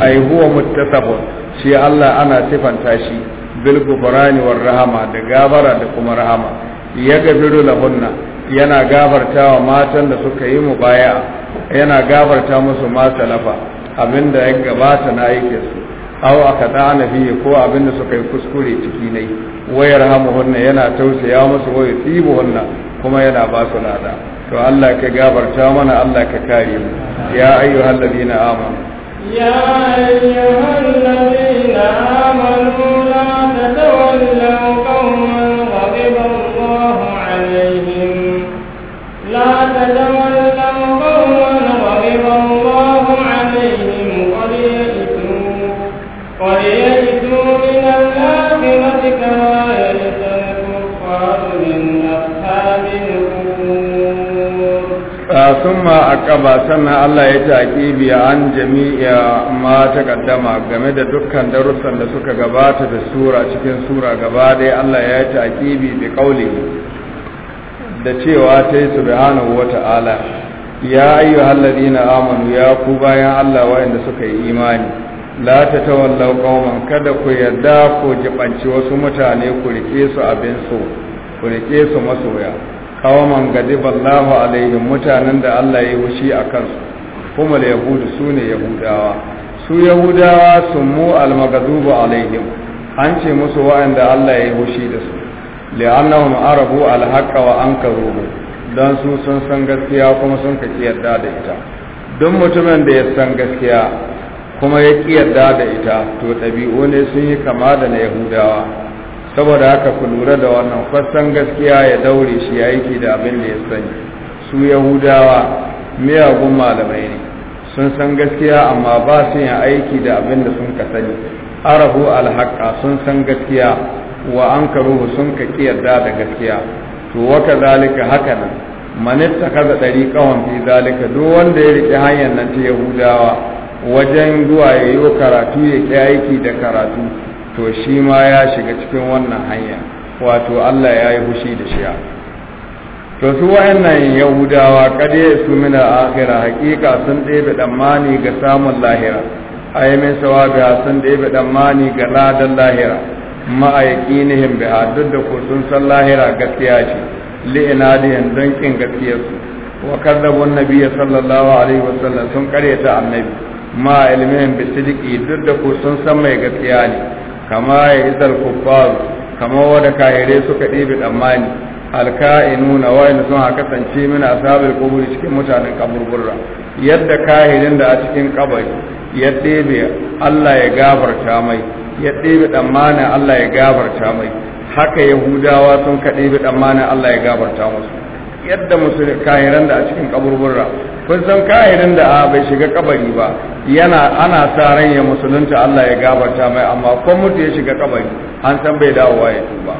ai huwa muttasabun shi Allah ana sifanta shi bil gufrani rahama da gabara da kuma rahama ya gabiru lahunna yana gafartawa matan da suka yi mu baya yana gabarta musu ma talafa abinda ya gabata na yake su aw aka dana fiye ko abinda suka yi kuskure ciki ne wayar hunna yana tausaya musu waya hunna kuma yana ba su lada to Allah ka gabarta mana Allah ka kare mu ya ayyuhal ladina amanu ya ayyuhal ba sannan Allah ya taƙibi an jami'a ma ta kaddama game da dukkan darussan da suka gabata da sura cikin sura gaba dai Allah ya taƙibi bi ƙauli da cewa ta yi subhanahu wa ta'ala ya ayyu halladina amanu ya ku bayan Allah waɗanda suka yi imani la ta tawallau qauman kada ku yarda ku jibanci wasu mutane ku rike su abin ku rike su masoya kawaman ballahu alaihim mutanen da Allah ya yi wushi a kansu kuma da yahudu su ne yahudawa su yahudawa sun mu almagazubu alaihim an ce musu wa'anda Allah ya yi wushi da su li'annahum arabu alhaka wa ankaruhu dan su sun san gaskiya kuma sun ka yarda da ita don mutumin da ya san gaskiya kuma ya yarda da ita to ɗabi'u ne sun yi kama da na yahudawa saboda haka ku lura da wannan fassan gaskiya ya daure shi aiki da abin da ya sani su yahudawa miyagun malamai ne sun san gaskiya amma ba su yin aiki da abin da sun ka sani arahu alhaqa sun san gaskiya wa an ruhu sun ka kiyarda da gaskiya to waka zalika haka nan manitta kaza dari kawan fi zalika duk wanda ya riƙe hanyar nan ta yahudawa wajen zuwa ya yi karatu ya ƙi aiki da karatu to shi ma ya shiga cikin wannan hanya wato Allah ya yi hushi da shi to su wa'annan yahudawa kade su mina akhira hakika sun ɗebe damani ga samun lahira ay min sawabi sun ɗebe damani ga ladan lahira ma'aikinihim biha duk da ko sun san lahira gaskiya ce li'inadihin don kin gaskiyarsu wa kadzabun nabiyyi sallallahu alaihi wasallam sun karyata annabi ma ilmihim bisidiki duk da ko sun san mai gaskiya ne kama ya izal kufar kama wada kahire suka ɗebe tsammani alka'inu na wayan sun haka kasance min ashabul qubur cikin mutanen kaburburra yadda kahirin da a cikin kabari ya ɗebe Allah ya gafarta mai ya ɗebe tsammanin Allah ya gafarta mai haka yahudawa sun ka ɗebe tsammanin Allah ya gafarta musu yadda musu kahiran da a cikin kaburburra kun san kahirin da bai shiga kabari ba yana ana sa ran ya musulunta Allah ya gabata mai amma ko mutu ya shiga kabari an san bai dawowa ya tuba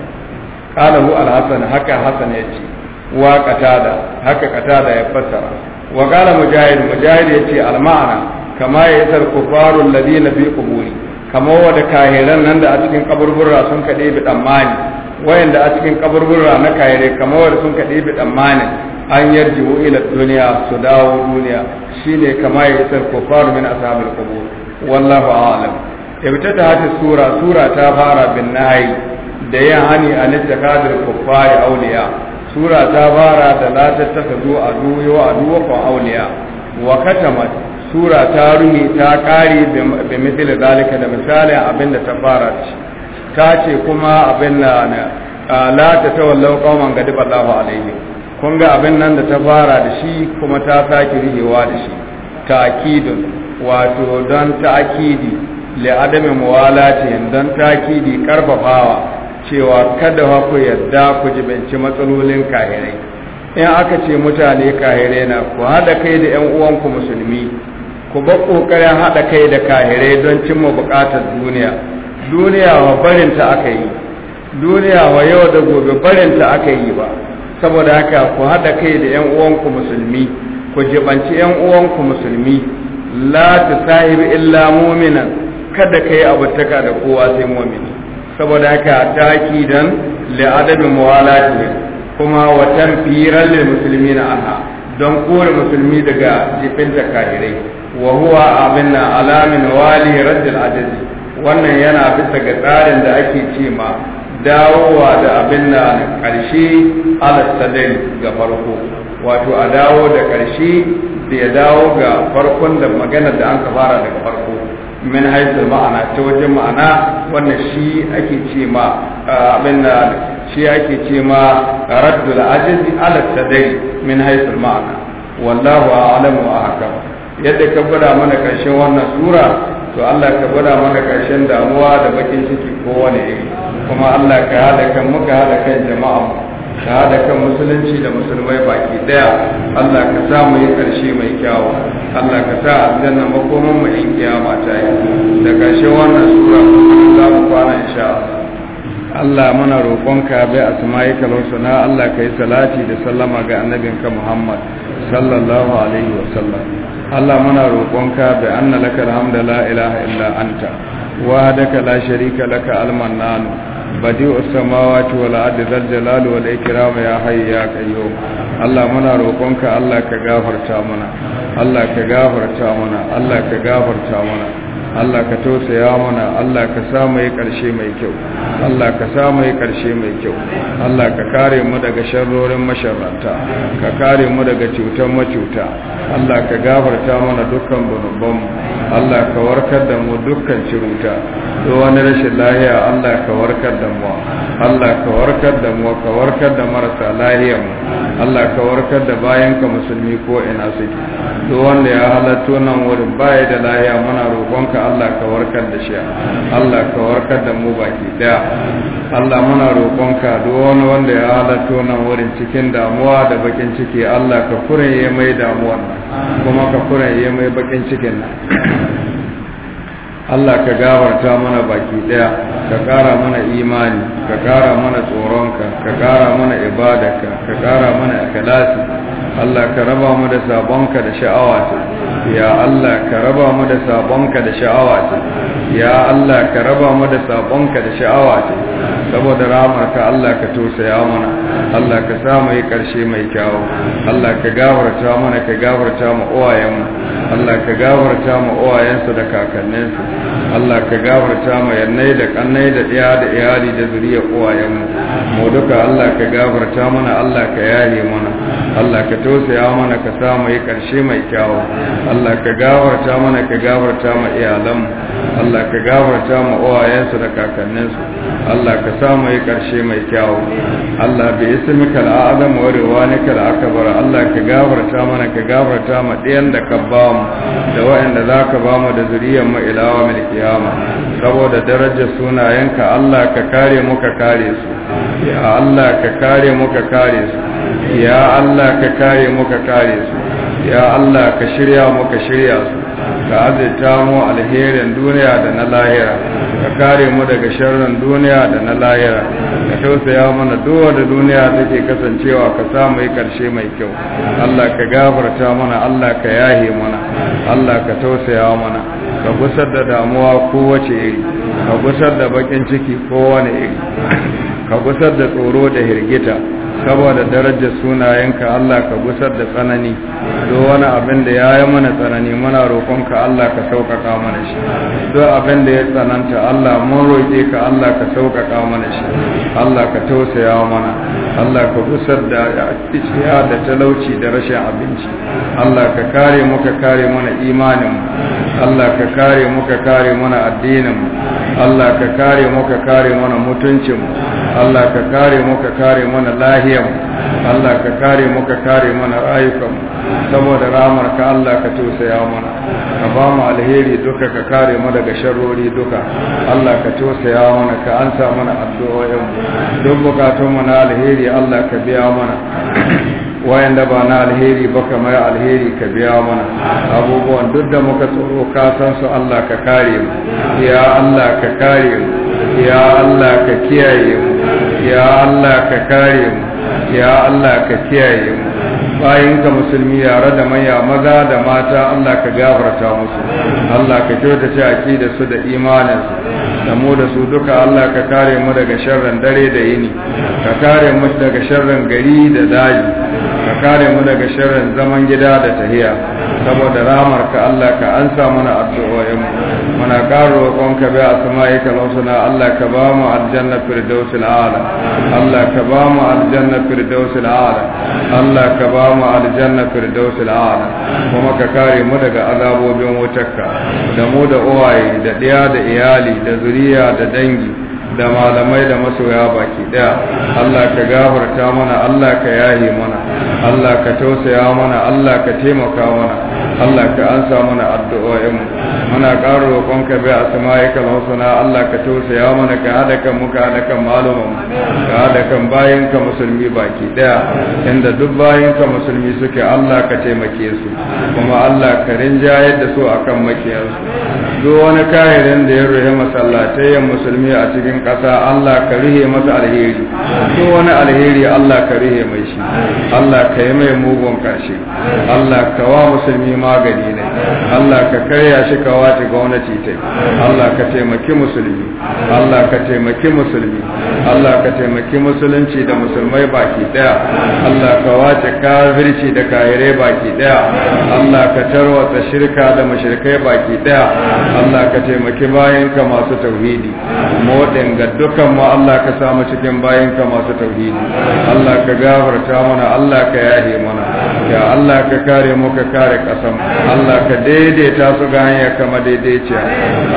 qalahu al-hasan haka hasan ya ce wa qatada haka qatada ya fassara wa qala mujahid mujahid ya ce al-ma'ana kama tar kufaru alladhina fi quburi kama wada kahiran nan da a cikin kaburbura sun kade bi tsammani wayanda a cikin kaburbura na kahire kama wada sun kade bi tsammani an yarji wa ila duniya su dawo duniya shine kama ya isar kufaru min ashabil qubur wallahu a'lam ta hadis sura sura ta fara bin nahi da ya hani an takadul kufari awliya sura ta fara da la a aduwa wa duwa fa awliya wa katama sura ta rumi ta kare da misali zalika da misali abinda ta fara ta ce kuma abin na la ta tawallau qauman Allahu alaihi kun ga abin nan da ta fara da shi kuma ta sake rihewa da shi ta'kidun wato don ta'kidi li adami ce, don ta'kidi karfafawa cewa kada ku yadda ku jibinci matsalolin kahirai in aka ce mutane kahirai na ku haɗa kai da 'yan uwanku musulmi ku ba ƙoƙarin haɗa kai da kahirai don cimma buƙatar duniya duniya wa barinta aka yi duniya wa yau da gobe barinta aka yi ba saboda haka ku haɗa kai da 'yan uwanku musulmi ku jibanci 'yan uwanku musulmi la ta sahibi illa muminan kada ka yi abutaka da kowa sai mumini saboda haka ta takidan li'adamin muwalati kuma watan firan lil musulmi na aha don kore musulmi daga jifin kahirai wa huwa abin na alamin wali raddil ajazi wannan yana bisa ga tsarin da ake ce ma dawowa da abin da ƙarshe alasadin ga farko wato a dawo da ƙarshe da ya dawo ga farkon da maganar da an ka fara daga farko min haifar ma'ana ta wajen ma'ana wannan shi ake ce ma abin da shi ake ce ma raddul ajizi alasadin min haifar ma'ana wallahu a'lamu a haka yadda ka gwada mana ƙarshen wannan sura to Allah ka gwada mana ƙarshen damuwa da bakin ciki kowane iri kuma Allah ka hada kan muka hada kan jama'a ka hada kan musulunci da musulmai baki daya Allah ka sa mu yi karshe mai kyawu Allah ka sa aljanna makoman mu in kiyama ta yi da karshen wannan sura za mu kwana insha Allah Allah roƙon ka bai asma'ika lausuna Allah ka yi salati da sallama ga annabin ka Muhammad sallallahu alaihi wa sallam Allah muna ka bai anna laka alhamdu la ilaha illa anta wa hadaka la sharika laka almannanu بديع السماوات wal ardi zal jalali يا حي ya قيوم ya منا Allah الله roƙonka Allah ka gafarta mana Allah ka gafarta mana Allah ka gafarta mana Allah ka tausaya mana Allah ka sa mu yi ƙarshe mai kyau Allah ka sa mu yi ƙarshe mai kyau Allah ka kare mu daga sharrorin masharanta ka kare mu daga cutar macuta Allah ka gafarta mana dukkan mu Allah ka warkar da mu dukkan ciruta to wani rashin lahiya Allah ka warkar da mu Allah ka warkar da mu ka warkar da marasa lahiyar mu Allah ka warkar da bayan ka musulmi ko ina suke to wanda ya halatto nan wurin baya da lahiya muna ka Allah ka warkar da shi Allah ka warkar da mu baki daya Allah muna roƙonka do wani wanda ya halatto nan wurin cikin damuwa da bakin ciki Allah ka ya mai damuwar kuma ka ya mai bakin cikin nan Allah ka gafarta mana baki daya ka kara mana imani ka kara mana tsoronka ka kara mana ibadarka ka kara mana akhlasi Allah ka raba mu da sabonka da sha'awa ya Allah ka raba mu da sabonka da sha'awa ya Allah ka raba mu da sabonka da sha'awa saboda rahamarka Allah ka tosaya mana Allah ka sa yi karshe mai kyawu Allah ka gafarta mana ka gafarta mu uwayenmu Allah ka gafarta mu uwayensu da kakanninsu Allah ka gafarta mu yannai da kannai da iya da iyali da zuriya uwayenmu mu duka Allah ka gafarta mana Allah ka yare mana Allah ka tosaya mana ka sa yi karshe mai kyawu Allah ka gafarta mana ka gafarta mu iyalanmu Allah ka gafarta mu uwayensu da kakanninsu Allah ka sa mu yi ƙarshe mai kyawu Allah bai yi sami kal'adam wa rewani bara. Allah ka gafarta mana ka gafarta ma ɗayan da ka ba mu da wa'anda za ka ba mu da zuriyar mu ilawa mil kiyama saboda darajar sunayenka Allah ka kare mu ka kare su ya Allah ka kare mu ka kare su ya Allah ka kare mu ka kare su ya Allah ka shirya mu ka shirya su ka azita mu alherin duniya da na lahira ka kare mu daga sharrin duniya da na lahira ka tausaya mana duwa da duniya take kasancewa ka sa yi karshe mai kyau Allah ka gafarta mana Allah ka yahe mana Allah ka tausaya mana ka gusar da damuwa kowace iri ka gusar da bakin ciki kowane iri ka gusar da tsoro da hirgita saboda darajar sunayenka Allah ka gusar da tsanani do wani abin da ya yi mana tsanani muna roƙonka Allah ka sauƙaƙa mana shi do abin da ya tsananta Allah mun roƙe ka Allah ka sauƙaƙa mana shi Allah ka tausaya mana Allah ka gusar da ya da talauci da rashin abinci Allah ka kare mu ka kare mana imanin Allah ka kare mu ka kare mana addinin Allah ka kare mu ka kare mana mutuncin Allah ka kare mu ka kare mana lahiya mu Allah ka kare mu ka kare mana rayukan mu saboda ramar ka Allah ka tausaya mana ka ba mu alheri duka ka kare mu daga sharori duka Allah ka tausaya mana ka ansa mana addu'o'in mu duk bukatun mu na alheri Allah ka biya mana wayanda ba na alheri ba kamar alheri ka biya mana abubuwan duk da muka tsoro ka san su Allah ka kare mu ya Allah ka kare mu ya Allah ka kiyaye mu ya Allah ka kare mu ya Allah ka kiyaye mu bayin ka musulmi yare da maya maza da mata Allah ka gafarta musu Allah ka kyautace aqida su da imanin su da mu da su duka Allah ka kare mu daga sharrin dare da yini ka kare mu daga sharrin gari da daji ka kare mu daga sharrin zaman gida da tahiya saboda ramar ka Allah ka ansa mana addu'o'in mu muna ƙara roƙonka bi asma'ika al-husna Allah ka ba mu aljanna firdaus ala Allah ka ba mu aljanna firdaus Allah ka ba mu aljanna firdaus al kuma ka kare mu daga azabobin wutarka da mu da uwaye da ɗiya da iyali da zuriya da dangi da malamai da masoya baki ɗaya, Allah ka gafarta mana Allah ka yahi mana Allah ka tausaya mana Allah ka taimaka mana Allah ka ansa mana addu'o'inmu. muna ƙara roƙonka bi asma'ika al-husna Allah ka tausaya mana ka hada kan mu ka hada kan malumman ka hada kan bayan ka musulmi baki daya inda duk bayan ka musulmi suke Allah ka taimake su kuma Allah ka rinjayar da su akan makiyarsu. duk wani kahirin da ya ruhe masallatayyan musulmi a cikin ƙasa Allah ka rihe masa alheri duk wani alheri Allah ka rihe mai shi Allah ka yi mai mugun kashi Allah ka wa musulmi ma magani ne Allah ka karya shi ka wace gwamnati ta Allah ka taimaki musulmi Allah ka taimaki musulmi Allah ka taimaki musulunci da musulmai baki daya Allah ka wace kafirci da kahirai baki daya Allah ka tarwata shirka da mushrikai baki daya Allah ka taimaki bayanka masu tauhidi mu ga dukkan mu Allah ka samu cikin bayanka masu tauhidi Allah ka gafarta mana Allah ka yahe mana daidaita Allah ka kare mu ka kare kasan Allah ka daidaita su ga hanyar kama daidaiciya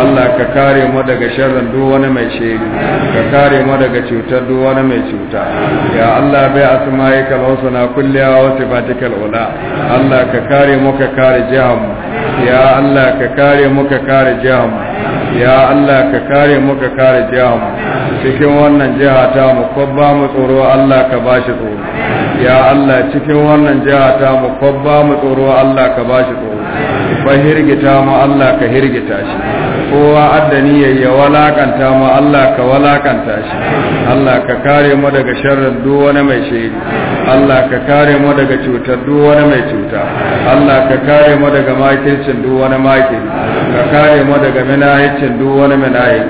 Allah ka kare mu daga sharrin duk wani mai shiri ka kare mu daga cutar duk wani mai cuta ya Allah bai asma'ika al-husna kulliya wa sifatika al-ula Allah ka kare mu ka kare jihar mu ya Allah ka kare mu ka kare jihar mu ya Allah ka kare mu ka kare jihar cikin wannan jiha ta mu kwabba mu tsoro Allah ka ba shi tsoro ya Allah cikin wannan jiha ta mu kwabba mu tsoro Allah ka ba shi tsoro Ba hirgita mu Allah ka hirgita shi kowa addani ya walakanta mu Allah ka walakanta shi Allah ka kare mu daga sharrin duk wani mai shiri Allah ka kare mu daga cutar duk wani mai cuta Allah ka kare mu daga makircin duk wani makir ka kare mu daga minahicin duk wani minahic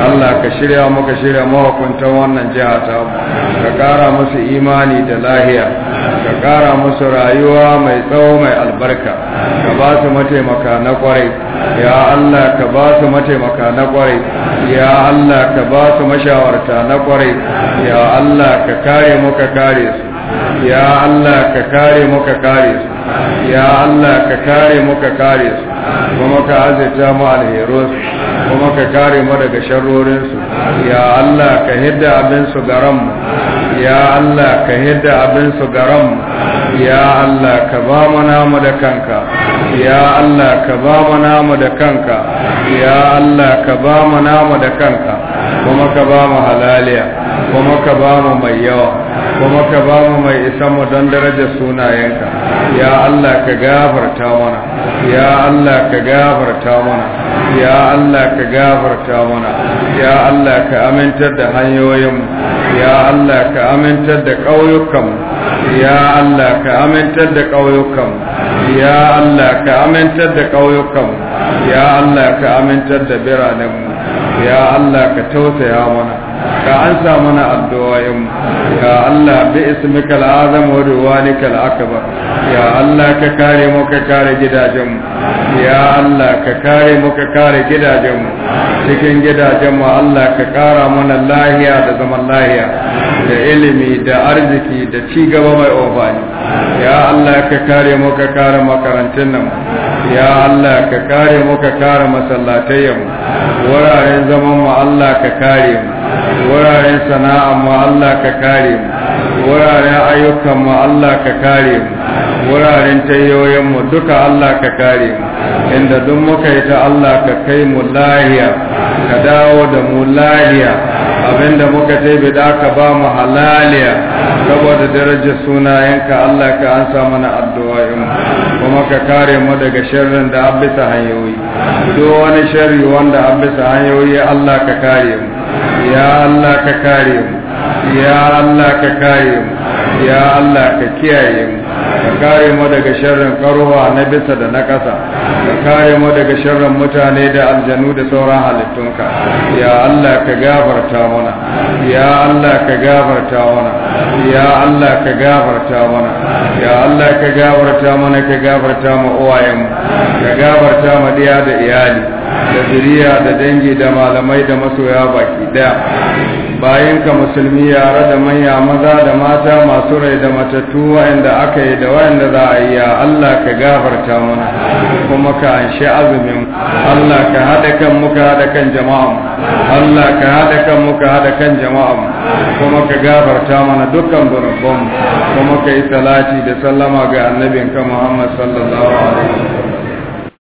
Allah ka shirya muka shirya mahukuntan wannan jiha ta ka ƙara musu imani da lahiya ka ƙara musu rayuwa mai tsawo mai albarka ka ba su mataimaka na kwarai ya Allah ka ba su mataimaka na kwarai ya Allah ka ba su mashawarta na kwarai ya Allah ka kare muka kare su ya Allah ka kare mu ka kare ya Allah ka kare mu ka kare kuma ka azirta mu alherinsu kuma ka kare mu daga sharrorinsu ya Allah ka hidda abin su garanmu ya Allah ka hidda abin su garanmu ya Allah ka ba mu namu da kanka ya Allah ka ba mu namu da kanka ya Allah ka ba mu namu da kanka kuma ka ba mu halaliya kuma ka ba mu mai yawa kuma ka ba mu mai isan mu don darajar sunayenka ya Allah ka gafarta mana ya Allah ka gafarta mana ya Allah ka gafarta mana ya Allah ka amintar da hanyoyinmu ya Allah ka amintar da ƙauyukanmu ya Allah ka amintar da ƙauyukanmu ya Allah ka amintar da ƙauyukanmu ya Allah ka amintar da biranenmu ya Allah ka tausaya mana ka ansa mana addu'o'in ya Allah bi ismikal azam wa riwalikal akbar ya Allah ka kare mu ka kare gidajen mu ya Allah ka kare mu ka kare gidajen mu cikin gidajen mu Allah ka kara mana lahiya da zaman lahiya da ilimi da arziki da ci gaba mai obani ya Allah ka kare mu ka kare makarantun nan ya Allah ka kare mu ka kare masallatayen wuraren zaman mu Allah ka kare mu wuraren sana'a mu Allah ka kare mu wuraren ayyukan mu Allah ka kare mu wuraren tayoyinmu duka Allah ka kare inda duk muka yi ta Allah ka kai mu lahiya ka dawo da mu lahiya abinda muka taibe da ka ba mu halaliya saboda darajar sunayenka Allah ka ansa mana addu'o'in kuma ka kare mu daga sharrin da abisa hanyoyi duk wani sharri wanda abisa hanyoyi Allah ka kare mu ya Allah ka kare mu ya Allah ka kare mu ya Allah ka kiyaye mu ka kare mu daga sharrin karowa na bisa da na ƙasa ka kare mu daga sharrin mutane da aljanu da sauran halittunka ya Allah ka gafarta mana ya Allah ka gafarta mana ya Allah ka gafarta mana ya Allah ka gafarta mana ka gafarta mu uwayenmu ka gafarta mu diya da iyali da zuriya da dangi da malamai da masoya baki daya bayan ka musulmi yare da manya maza da mata masu rai da matattu wa'anda aka yi da wa'anda za a yi ya Allah ka gafarta mana kuma ka anshi azumin Allah ka haɗa kan muka haɗa kan jama'a Allah ka haɗa kan muka haɗa kan jama'a kuma ka gafarta mana dukkan burbun kuma ka yi salati da sallama ga annabinka Muhammad sallallahu alaihi wasallam